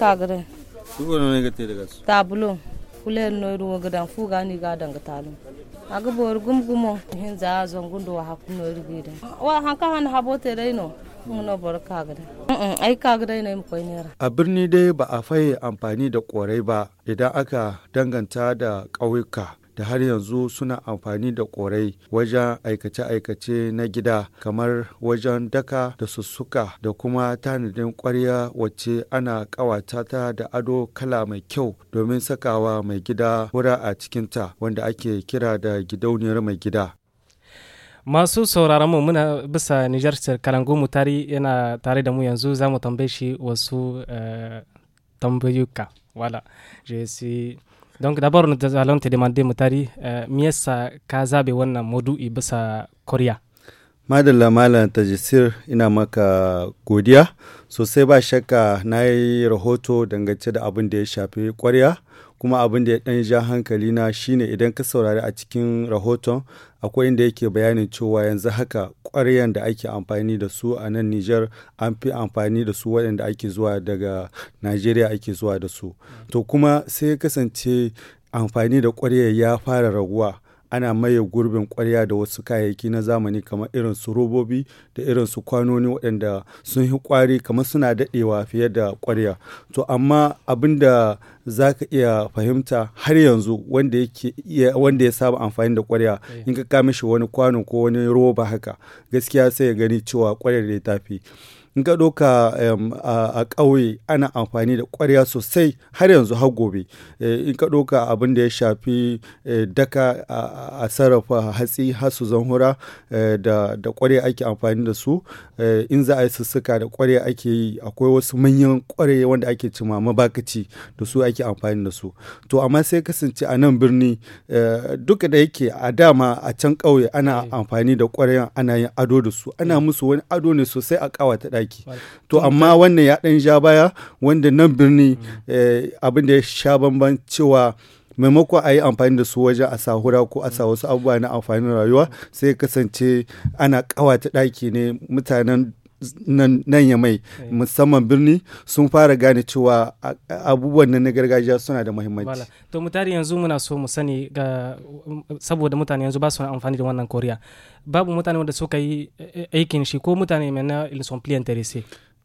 su ne da gasu tabulon kulen noiru wa gadan fuga ni gadan ga talon aga bor gum gumo hin za zo gundo ha kuno rigida wa hanka han habote reino muna bar kagada ai kagada ne mu koi nera a birni dai ba a faye amfani da korai ba idan aka danganta da ƙauyuka da har yanzu suna amfani da korai wajen aikace-aikace na gida kamar wajen daka da sussuka da kuma tanadin kwarya wacce ana kawata ta da ado kala mai kyau domin sakawa mai gida wura a cikinta wanda ake kira da gidauniyar mai gida. masu sauraron mu muna bisa Nijar Kalangu Mutari yana tare da mu yanzu za mu tambaye shi wasu eh, tambayuka wala je donc d'abord nous allons te demander mutari euh, Miesa me yasa ka zabe wannan bisa koriya madalla malam tajisir ina maka godiya sosai ba shakka na yi rahoto dangance da abin da ya shafi kwarya kuma abin da ya ɗan ja hankali na shine idan ka saurari a cikin rahoton akwai inda yake bayanin cewa yanzu haka kwaryan da ake amfani da su a nan Nijar an fi amfani da su waɗanda ake zuwa daga Najeriya ake zuwa da su to kuma sai ya kasance amfani da kwarya ya fara raguwa ana maye gurbin kwarya da wasu kayayyaki na zamani kamar irin su robobi da irin su kwanoni waɗanda sun yi kwari kamar suna daɗewa fiye da kwarya to amma abin da za ka iya fahimta har yanzu wanda ya saba amfani da kwarya eh. in ka kame wani kwano ko wani roba haka gaskiya sai ya gani cewa kwaryar da ya tafi in ka ɗauka a ƙauye ana amfani da ƙwarya sosai har yanzu har gobe eh, in ka ɗauka abin da ya shafi eh, daka a sarrafa hatsi har su zanhura eh, da ƙwarya ake amfani da su in za a yi sussuka da ƙwarya ake yi akwai wasu manyan ƙwarya wanda ake cima mabakaci da su ake amfani da su to amma sai kasance a nan birni duk da yake a dama a can ƙauye ana amfani da ƙwarya ana yin ado da su ana musu wani ado ne sosai a ƙawata ɗaki yaki to amma wannan ya ɗan ja baya wanda nan birni mm. eh, abin da ya sha bamban cewa maimako a yi amfani da su wajen a sahura ko a sa mm. wasu abubuwa na amfanin rayuwa sai kasance ana kawata ɗaki ne mutanen nan ya mai eh. musamman birni sun fara gane cewa abubuwan nan na gargajiya suna da muhimmanci. To mutane yanzu muna so mu sani ga saboda mutane yanzu ba su amfani da wannan koriya. Babu mutane wanda suka yi eh, eh, aikin shi ko mutane mai na ilson plien terese.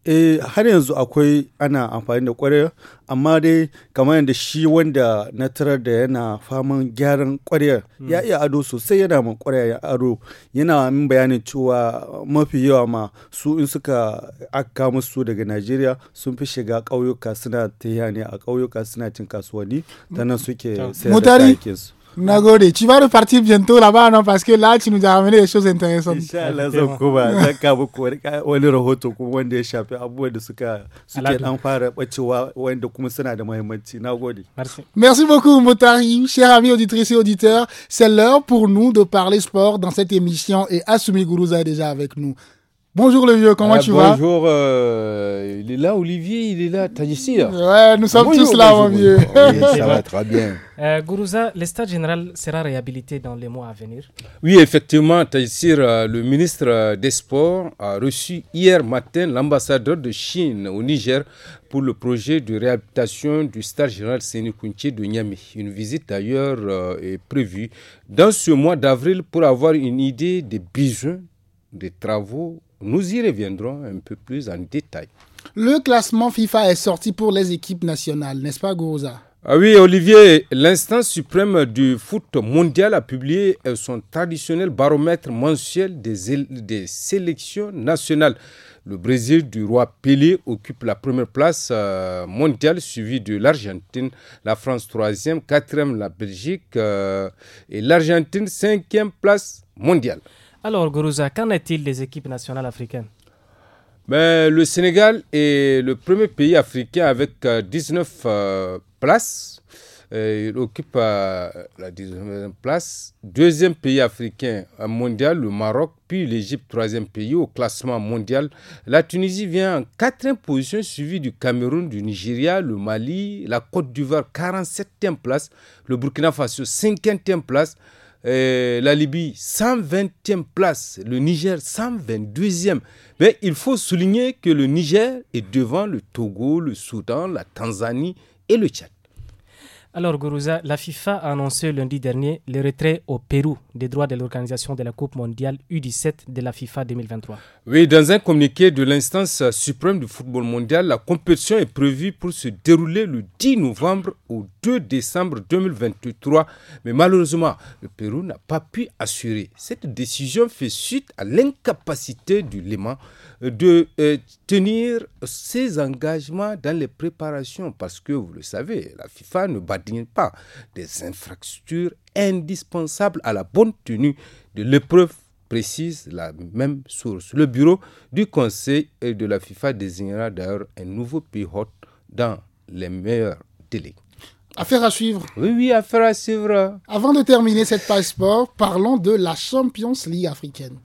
eh har yanzu akwai ana amfani da kwarya amma dai kamar yadda shi wanda na tarar da yana faman gyaran ƙwarya hmm. ya iya ado sosai yana mun ƙwarya ya ado yana min bayanin cewa mafi yawa ma su in suka aka musu daga najeriya sun fi shiga ƙauyuka suna ta ne a ƙauyuka suna cin kasuwanni ta nan suke sayar da kayakinsu Nagode, tu vas repartir bientôt là-bas, non Parce que là, tu nous as ramené des choses intéressantes. Merci. Merci beaucoup, Motari. Chers amis auditrices et auditeurs, c'est l'heure pour nous de parler sport dans cette émission et Asumi Gourouza est déjà avec nous. Bonjour le vieux, comment ah, tu vas Bonjour, euh, il est là Olivier, il est là Tajissir. Ouais, nous sommes tous là mon vieux. ça va très bien. Euh, Gourouza, le stade général sera réhabilité dans les mois à venir Oui, effectivement, Tajissir, le ministre euh, des Sports a reçu hier matin l'ambassadeur de Chine au Niger pour le projet de réhabilitation du stade général Sénikounché de Niamey. Une visite d'ailleurs est prévue dans ce mois d'avril pour avoir une idée des besoins des travaux nous y reviendrons un peu plus en détail. Le classement FIFA est sorti pour les équipes nationales, n'est-ce pas, Goza ah oui, Olivier, l'instance suprême du foot mondial a publié euh, son traditionnel baromètre mensuel des, des sélections nationales. Le Brésil du roi Pelé occupe la première place euh, mondiale, suivi de l'Argentine, la France troisième, quatrième la Belgique euh, et l'Argentine cinquième place mondiale. Alors, Gourouza, qu'en est-il des équipes nationales africaines ben, Le Sénégal est le premier pays africain avec 19 euh, euh, places. Euh, il occupe la 19e place. Deuxième pays africain mondial, le Maroc, puis l'Égypte, troisième pays au classement mondial. La Tunisie vient en quatrième position, suivie du Cameroun, du Nigeria, le Mali, la Côte d'Ivoire, 47e place, le Burkina Faso, 50e place, euh, la Libye 120e place, le Niger 122e. Mais il faut souligner que le Niger est devant le Togo, le Soudan, la Tanzanie et le Tchad. Alors, Gorouza, la FIFA a annoncé lundi dernier le retrait au Pérou des droits de l'organisation de la Coupe mondiale U17 de la FIFA 2023. Oui, dans un communiqué de l'instance suprême du football mondial, la compétition est prévue pour se dérouler le 10 novembre au 2 décembre 2023. Mais malheureusement, le Pérou n'a pas pu assurer. Cette décision fait suite à l'incapacité du Léman de euh, tenir ses engagements dans les préparations, parce que vous le savez, la FIFA ne badine pas des infrastructures indispensables à la bonne tenue de l'épreuve précise la même source. Le bureau du conseil de la FIFA désignera d'ailleurs un nouveau pilote dans les meilleurs délais. Affaire à suivre. Oui, oui, affaire à suivre. Avant de terminer cette passeport, parlons de la Champions League africaine.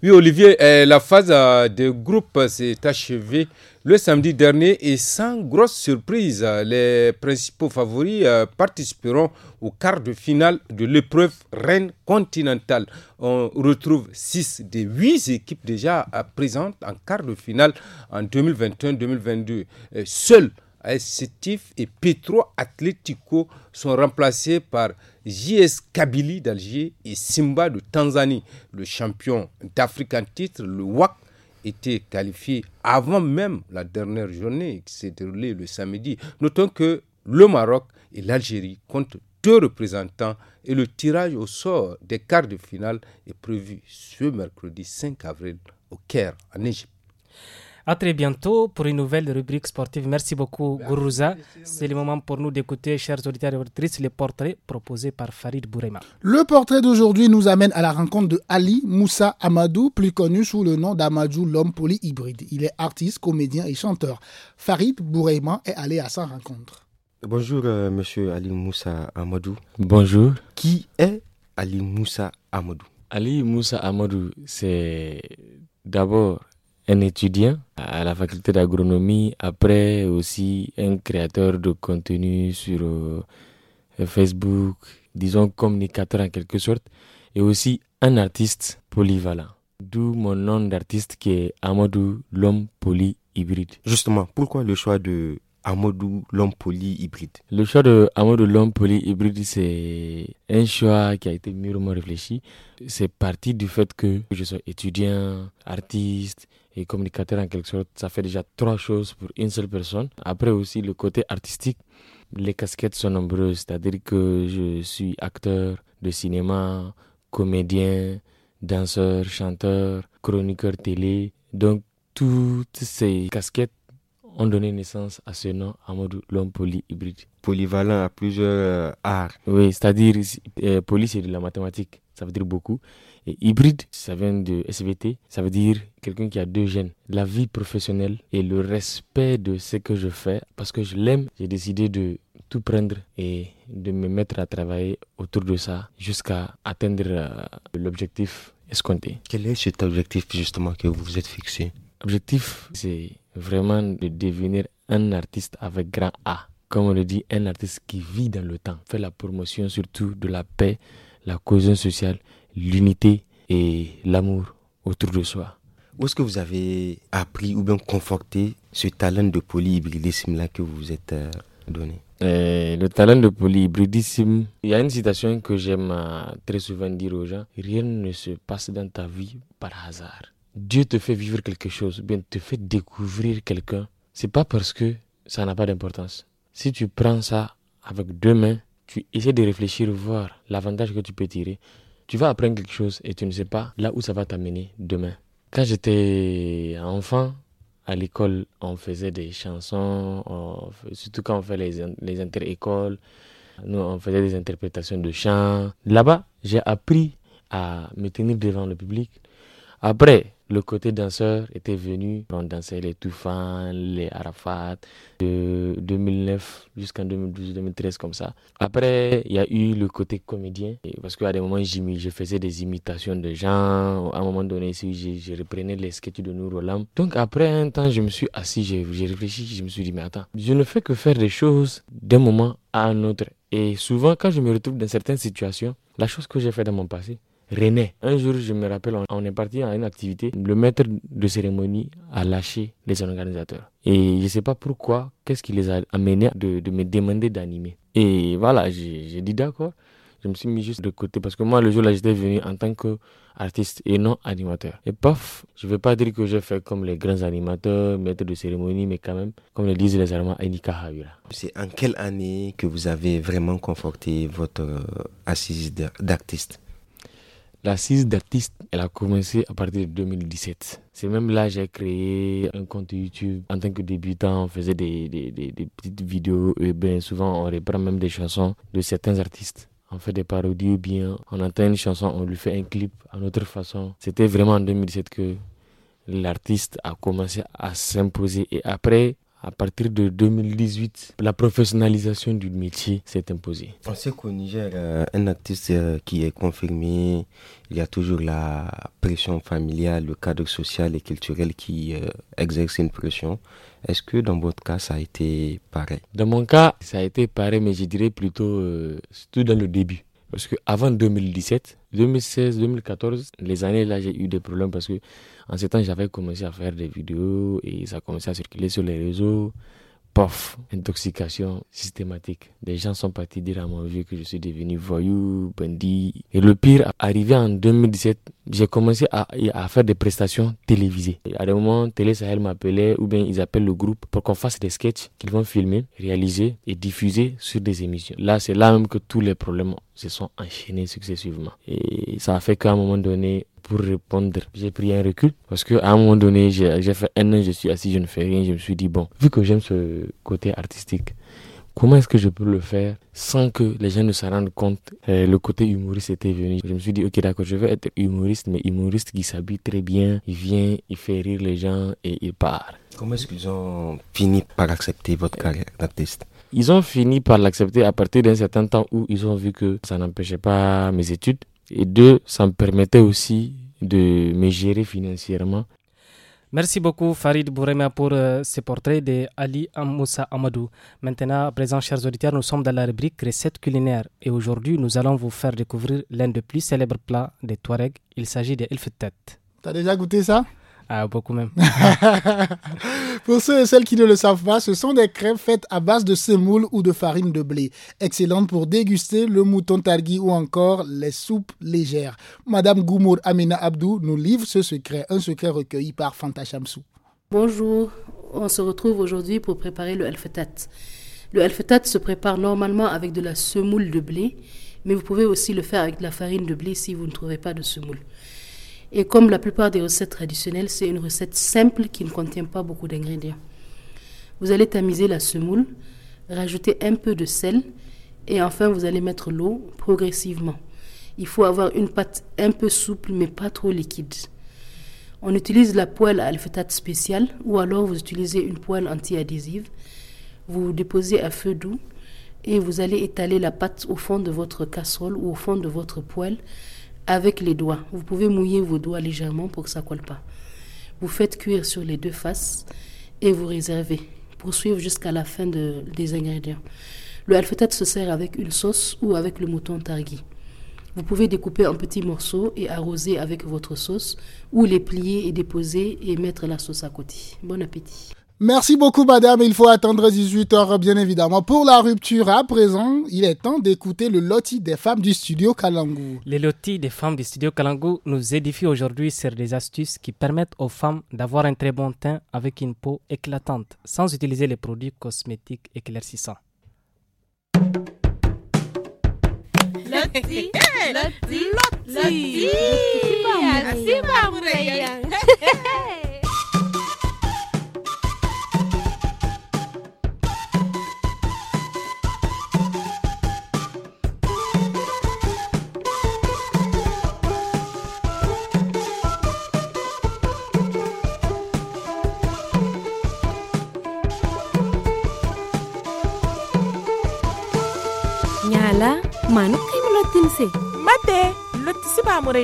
Oui, Olivier, euh, la phase euh, de groupe s'est achevée le samedi dernier et sans grosse surprise, euh, les principaux favoris participeront au quart de finale de l'épreuve Reine continentale. On retrouve 6 des huit équipes déjà présentes en quart de finale en 2021-2022. Seuls SCTIF et Petro Atlético sont remplacés par JS Kabylie d'Alger et Simba de Tanzanie. Le champion d'Afrique en titre, le WAC, était qualifié avant même la dernière journée qui s'est déroulée le samedi. Notons que le Maroc et l'Algérie comptent deux représentants et le tirage au sort des quarts de finale est prévu ce mercredi 5 avril au Caire, en Égypte. À très bientôt pour une nouvelle rubrique sportive. Merci beaucoup, Gourouza. C'est le moment pour nous d'écouter, chers auditeurs et auditrices, les portraits proposés par Farid Bourema. Le portrait d'aujourd'hui nous amène à la rencontre de Ali Moussa Amadou, plus connu sous le nom d'Amadou l'homme polyhybride. Il est artiste, comédien et chanteur. Farid Boureima est allé à sa rencontre. Bonjour, euh, monsieur Ali Moussa Amadou. Bonjour. Qui est Ali Moussa Amadou Ali Moussa Amadou, c'est d'abord un étudiant à la faculté d'agronomie, après aussi un créateur de contenu sur euh, Facebook, disons communicateur en quelque sorte, et aussi un artiste polyvalent. D'où mon nom d'artiste qui est Amadou, l'homme polyhybride. Justement, pourquoi le choix de Amadou, l'homme polyhybride Le choix de Amadou, l'homme polyhybride, c'est un choix qui a été mûrement réfléchi. C'est parti du fait que je sois étudiant, artiste, et communicateur en quelque sorte, ça fait déjà trois choses pour une seule personne. Après aussi le côté artistique, les casquettes sont nombreuses, c'est-à-dire que je suis acteur de cinéma, comédien, danseur, chanteur, chroniqueur télé. Donc toutes ces casquettes ont donné naissance à ce nom, Amadou, l'homme polyhybride. Polyvalent à plusieurs euh, arts. Oui, c'est-à-dire, euh, poly, c'est de la mathématique, ça veut dire beaucoup. Et hybride, ça vient de SVT, ça veut dire quelqu'un qui a deux gènes, la vie professionnelle et le respect de ce que je fais. Parce que je l'aime, j'ai décidé de tout prendre et de me mettre à travailler autour de ça jusqu'à atteindre euh, l'objectif escompté. Quel est cet objectif justement que vous vous êtes fixé L'objectif, c'est vraiment de devenir un artiste avec grand A. Comme on le dit, un artiste qui vit dans le temps, fait la promotion surtout de la paix, la cohésion sociale l'unité et l'amour autour de soi. Où est-ce que vous avez appris ou bien conforté ce talent de polyhybridisme-là que vous vous êtes euh, donné euh, le talent de polyhybridisme, il y a une citation que j'aime euh, très souvent dire aux gens, rien ne se passe dans ta vie par hasard. Dieu te fait vivre quelque chose, bien te fait découvrir quelqu'un. C'est pas parce que ça n'a pas d'importance. Si tu prends ça avec deux mains, tu essaies de réfléchir, voir l'avantage que tu peux tirer, tu vas apprendre quelque chose et tu ne sais pas là où ça va t'amener demain. Quand j'étais enfant, à l'école, on faisait des chansons, surtout quand on fait les, les inter-écoles. Nous, on faisait des interprétations de chants. Là-bas, j'ai appris à me tenir devant le public. Après, le côté danseur était venu, on dansait les Toufan, les Arafat, de 2009 jusqu'en 2012-2013 comme ça. Après, il y a eu le côté comédien, parce qu'à des moments, je faisais des imitations de gens, à un moment donné, je, je reprenais les sketchs de Olam. Donc après un temps, je me suis assis, j'ai réfléchi, je me suis dit, mais attends, je ne fais que faire des choses d'un moment à un autre. Et souvent, quand je me retrouve dans certaines situations, la chose que j'ai fait dans mon passé, René. Un jour, je me rappelle, on est parti à une activité. Le maître de cérémonie a lâché les organisateurs. Et je ne sais pas pourquoi, qu'est-ce qui les a amenés de, me demander d'animer. Et voilà, j'ai dit d'accord. Je me suis mis juste de côté parce que moi, le jour-là, j'étais venu en tant qu'artiste et non animateur. Et paf, je ne veux pas dire que j'ai fait comme les grands animateurs, maître de cérémonie, mais quand même, comme le disent les Allemands, Enika C'est en quelle année que vous avez vraiment conforté votre euh, assise d'artiste la d'artiste, elle a commencé à partir de 2017. C'est même là que j'ai créé un compte YouTube. En tant que débutant, on faisait des, des, des, des petites vidéos et bien souvent on reprend même des chansons de certains artistes on fait des parodies ou bien on entend une chanson, on lui fait un clip à notre façon. C'était vraiment en 2017 que l'artiste a commencé à s'imposer. Et après, à partir de 2018, la professionnalisation du métier s'est imposée. On sait qu'au Niger, euh, un artiste euh, qui est confirmé, il y a toujours la pression familiale, le cadre social et culturel qui euh, exerce une pression. Est-ce que dans votre cas, ça a été pareil Dans mon cas, ça a été pareil, mais je dirais plutôt, tout surtout dans le début. Parce qu'avant 2017, 2016, 2014, les années là, j'ai eu des problèmes parce que en ce temps, j'avais commencé à faire des vidéos et ça commençait à circuler sur les réseaux pof, intoxication systématique. Des gens sont partis dire à mon vieux que je suis devenu voyou, bandit. Et le pire, arrivé en 2017, j'ai commencé à, faire des prestations télévisées. à un moment, Télé Sahel m'appelait ou bien ils appellent le groupe pour qu'on fasse des sketchs qu'ils vont filmer, réaliser et diffuser sur des émissions. Là, c'est là même que tous les problèmes se sont enchaînés successivement. Et ça a fait qu'à un moment donné, pour répondre. J'ai pris un recul parce que à un moment donné, j'ai fait un an, je suis assis, je ne fais rien. Je me suis dit, bon, vu que j'aime ce côté artistique, comment est-ce que je peux le faire sans que les gens ne s'en rendent compte euh, Le côté humoriste était venu. Je me suis dit, ok, d'accord, je veux être humoriste, mais humoriste qui s'habille très bien, il vient, il fait rire les gens et il part. Comment est-ce qu'ils ont fini par accepter votre carrière d'artiste Ils ont fini par l'accepter à partir d'un certain temps où ils ont vu que ça n'empêchait pas mes études. Et deux, ça me permettait aussi de me gérer financièrement. Merci beaucoup Farid Bourema pour euh, ce portrait de Ali Amadou. Maintenant, à présent, chers auditeurs, nous sommes dans la rubrique recettes culinaires et aujourd'hui, nous allons vous faire découvrir l'un des plus célèbres plats des Touaregs. Il s'agit des tête. T'as déjà goûté ça ah, beaucoup même. Pour ceux et celles qui ne le savent pas, ce sont des crêpes faites à base de semoule ou de farine de blé. Excellentes pour déguster le mouton targui ou encore les soupes légères. Madame Goumour Amina Abdou nous livre ce secret, un secret recueilli par Fanta Chamsou. Bonjour, on se retrouve aujourd'hui pour préparer le Elfetat. Le Elfetat se prépare normalement avec de la semoule de blé, mais vous pouvez aussi le faire avec de la farine de blé si vous ne trouvez pas de semoule. Et comme la plupart des recettes traditionnelles, c'est une recette simple qui ne contient pas beaucoup d'ingrédients. Vous allez tamiser la semoule, rajouter un peu de sel et enfin vous allez mettre l'eau progressivement. Il faut avoir une pâte un peu souple mais pas trop liquide. On utilise la poêle à alphétate spéciale ou alors vous utilisez une poêle anti-adhésive. Vous déposez à feu doux et vous allez étaler la pâte au fond de votre casserole ou au fond de votre poêle avec les doigts. Vous pouvez mouiller vos doigts légèrement pour que ça colle pas. Vous faites cuire sur les deux faces et vous réservez. Poursuivre jusqu'à la fin des ingrédients. Le alfetate se sert avec une sauce ou avec le mouton targui. Vous pouvez découper en petits morceaux et arroser avec votre sauce ou les plier et déposer et mettre la sauce à côté. Bon appétit. Merci beaucoup, madame. Il faut attendre 18h, bien évidemment. Pour la rupture, à présent, il est temps d'écouter le loti des femmes du studio Kalangu. Le lotis des femmes du studio Kalangu nous édifie aujourd'hui sur des astuces qui permettent aux femmes d'avoir un très bon teint avec une peau éclatante, sans utiliser les produits cosmétiques éclaircissants. Loti, loti, loti.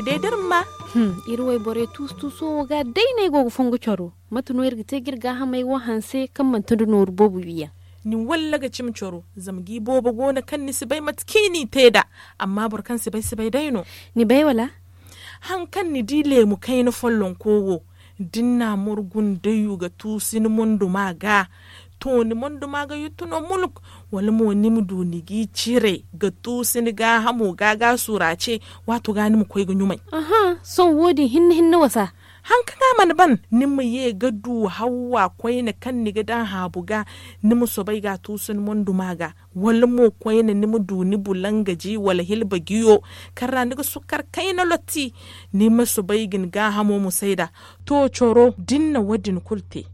bore de ma hmm irwai e bore tus tuso ga dai ne go fungu choro matuno irga te girga ha mai wa hanse kan man tundu no rubobu biya walla ga cim choro zamgi bobo gona kan ni sibai matkini teda amma burkan sibai sibai no ni bai wala kan ni di lemu kai follon kowo dinna murgun dayu ga tusin mundu maga ga toni mundu maga yutuno muluk wala mo nimu duni gi cire ga tu ga hamu gaga surace wato gani nimu koi ga nyumai aha son wodi hin na wasa hankana man ban nimu ye du hawa kwai na kan ni gadan habuga nimu so bai ga tusun mundu maga wala mo kwai na nimu duni bulan gaji wala hilba giyo karra ni sukar kai na lotti nimu so bai gin ga hamo mu to choro dinna wadin kulte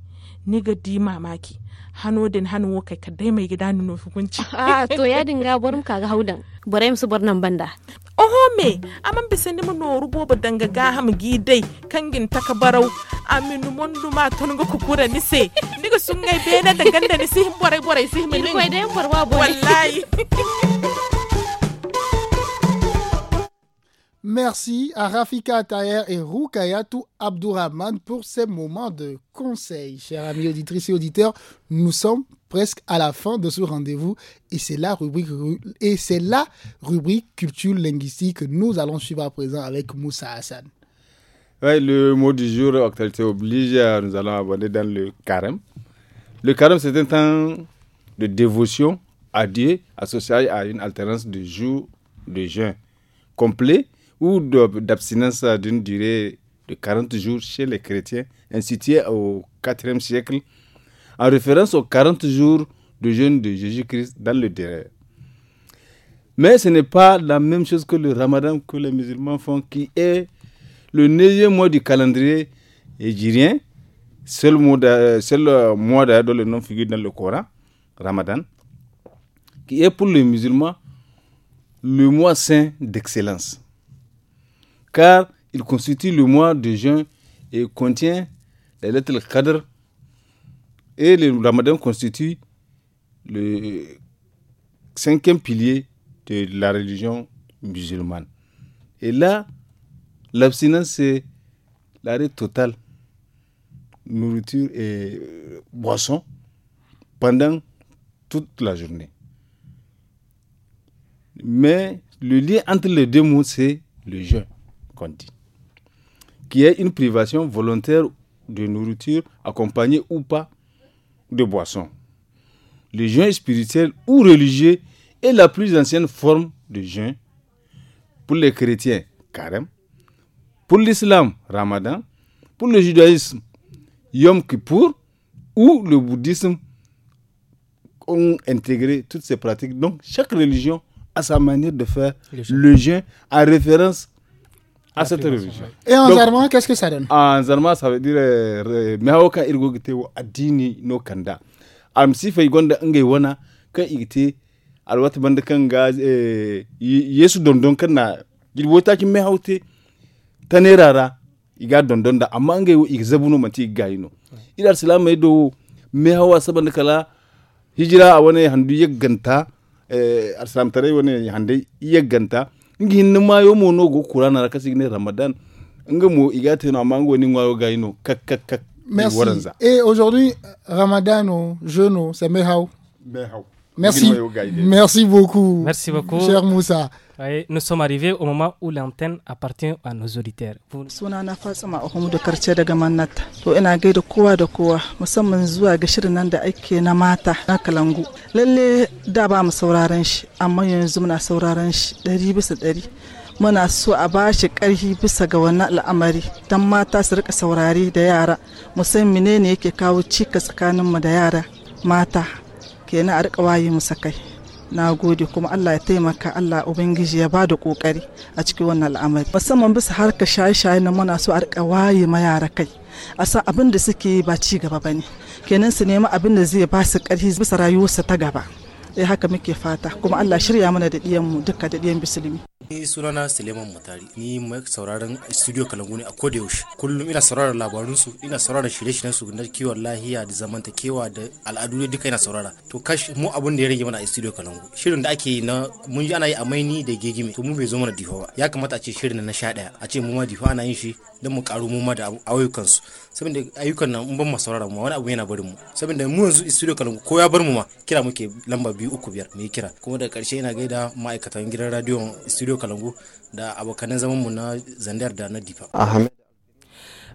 ni ga di mamaki hano din hano wo kai dai mai gida nuno hukunci ah to ya dinga borum kaga haudan boraim su nan banda oho me amma bisa ni no rubo ba danga ga ham gidai kangin takabarau aminu mondu ma ton go kukura ni se Ni ga sun ngai bena danganda ni si borai borai si min ni ko dai borwa borai wallahi Merci à Rafika Taher et Roukayatou Abdourahman pour ces moments de conseil. Chers amis auditrices et auditeurs, nous sommes presque à la fin de ce rendez-vous et c'est la rubrique et c'est la rubrique culture linguistique que nous allons suivre à présent avec Moussa Hassan. Ouais, le mot du jour, actualité oblige, nous allons aborder dans le carême. Le carême, c'est un temps de dévotion à Dieu associé à une alternance de jours de jeûne complet ou d'abstinence d'une durée de 40 jours chez les chrétiens, instituée au 4e siècle, en référence aux 40 jours de jeûne de Jésus-Christ dans le désert. Mais ce n'est pas la même chose que le ramadan que les musulmans font, qui est le neuvième mois du calendrier égyptien, seul mois, euh, seul euh, mois dont le nom figure dans le Coran, ramadan, qui est pour les musulmans le mois saint d'excellence car il constitue le mois de juin et contient les lettres Qadr. Et le ramadan constitue le cinquième pilier de la religion musulmane. Et là, l'abstinence, c'est l'arrêt total, nourriture et boisson, pendant toute la journée. Mais le lien entre les deux mots, c'est le jeûne dit, qui est une privation volontaire de nourriture accompagnée ou pas de boisson. Le jeûne spirituel ou religieux est la plus ancienne forme de jeûne pour les chrétiens, carême, pour l'islam, ramadan, pour le judaïsme, yom kippour, ou le bouddhisme ont intégré toutes ces pratiques. Donc, chaque religion a sa manière de faire le, jeûne à en référence à cette religion. Et eh, en zarma, qu'est-ce que ça donne En zarma, ça veut dire eh, mehawoka irgo gite wo addini no kanda. Am gonda wana kan igite alwata banda kan ga eh, yesu dondon kan na ta dondon da amma wo Idar salama saban kala hijira a wani handu yagganta wani handai yagganta ngi hinna ma yo mo no go ramadan nga mo igate no mango ni ngwaro ino kak kak kak merci waranza. et aujourd'hui ramadan jeûne c'est mehau mehau merci merci beaucoup merci beaucoup cher Moussa Kaye, nous sommes arrivés au moment où l'antenne appartient à nos auditeurs. Suna na Fatsima Ahmadu Karce daga To ina gaida kowa da kowa musamman zuwa ga shirin nan da ake na mata na Kalangu. Lalle da ba mu sauraron shi amma yanzu muna sauraron shi ɗari bisa ɗari. Muna so a ba shi bisa ga wannan al'amari dan mata su rika saurari da yara musamman ne yake kawo cika tsakaninmu da yara mata kenan a rika waye musakai. kai. na gode kuma allah ya taimaka allah ubangiji ya ba da kokari a cikin wannan al'amari musamman bisa harka shaye-shaye na muna so a rika waye ma yara kai a san abin da suke ba ci gaba ba ne kenan su nema abin da zai ba su karfi bisa rayuwarsa ta gaba eh haka muke fata kuma allah shirya mana da duka da diyan bisulmi Ni sunana Suleiman Mutari, ni mai sauraron Studio Kalangu ne a koda yaushe. Kullum ina sauraron labarun su, ina sauraron shirye-shiryen su na kiwon lahiya da zamantakewa da al'adu duka ina saurara. To kash mu abun da ya rage mana a Studio Kalangu. Shirin da ake yi na mun ji ana yi a maini da gegime, to mu bai zo mana ba. Ya kamata a ce shirin na sha ɗaya, a ce mu ma dihowa ana yin shi don mu karu mu ma da ayyukansu. saboda ayyukan nan ban masu mu wani abu yana barin mu saboda mu yanzu studio kan ko ya bar mu ma kira muke lamba biyu uku biyar mu kira kuma daga karshe ina gaida ma'aikatan gidan radiyon studio kalangu da abokanan zaman mu na zandar da na difa ahmed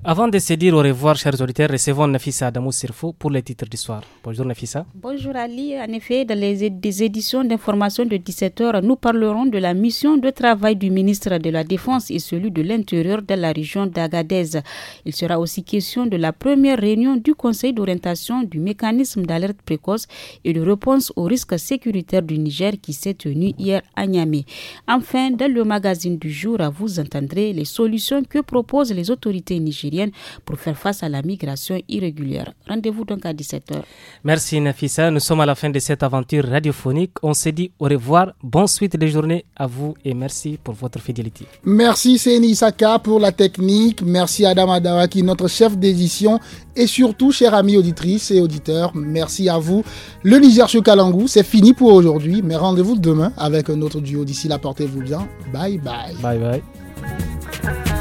Avant de se dire au revoir, chers auditeurs, recevons Nafissa Adamou Sirfo pour les titres du soir. Bonjour Nafissa. Bonjour Ali. En effet, dans les éditions d'information de 17h, nous parlerons de la mission de travail du ministre de la Défense et celui de l'Intérieur de la région d'Agadez. Il sera aussi question de la première réunion du Conseil d'orientation du mécanisme d'alerte précoce et de réponse aux risques sécuritaires du Niger qui s'est tenue hier à Niamey. Enfin, dans le magazine du jour, vous entendrez les solutions que proposent les autorités nigériennes pour faire face à la migration irrégulière. Rendez-vous donc à 17h. Merci Nafisa. Nous sommes à la fin de cette aventure radiophonique. On se dit au revoir. Bonne suite de journée à vous et merci pour votre fidélité. Merci Séni Saka pour la technique. Merci Adam Adawaki, notre chef d'édition. Et surtout, chers amis auditrices et auditeurs, merci à vous. Le Niger sur Kalangou, c'est fini pour aujourd'hui, mais rendez-vous demain avec un autre duo. D'ici là, portez-vous bien. Bye bye. Bye bye.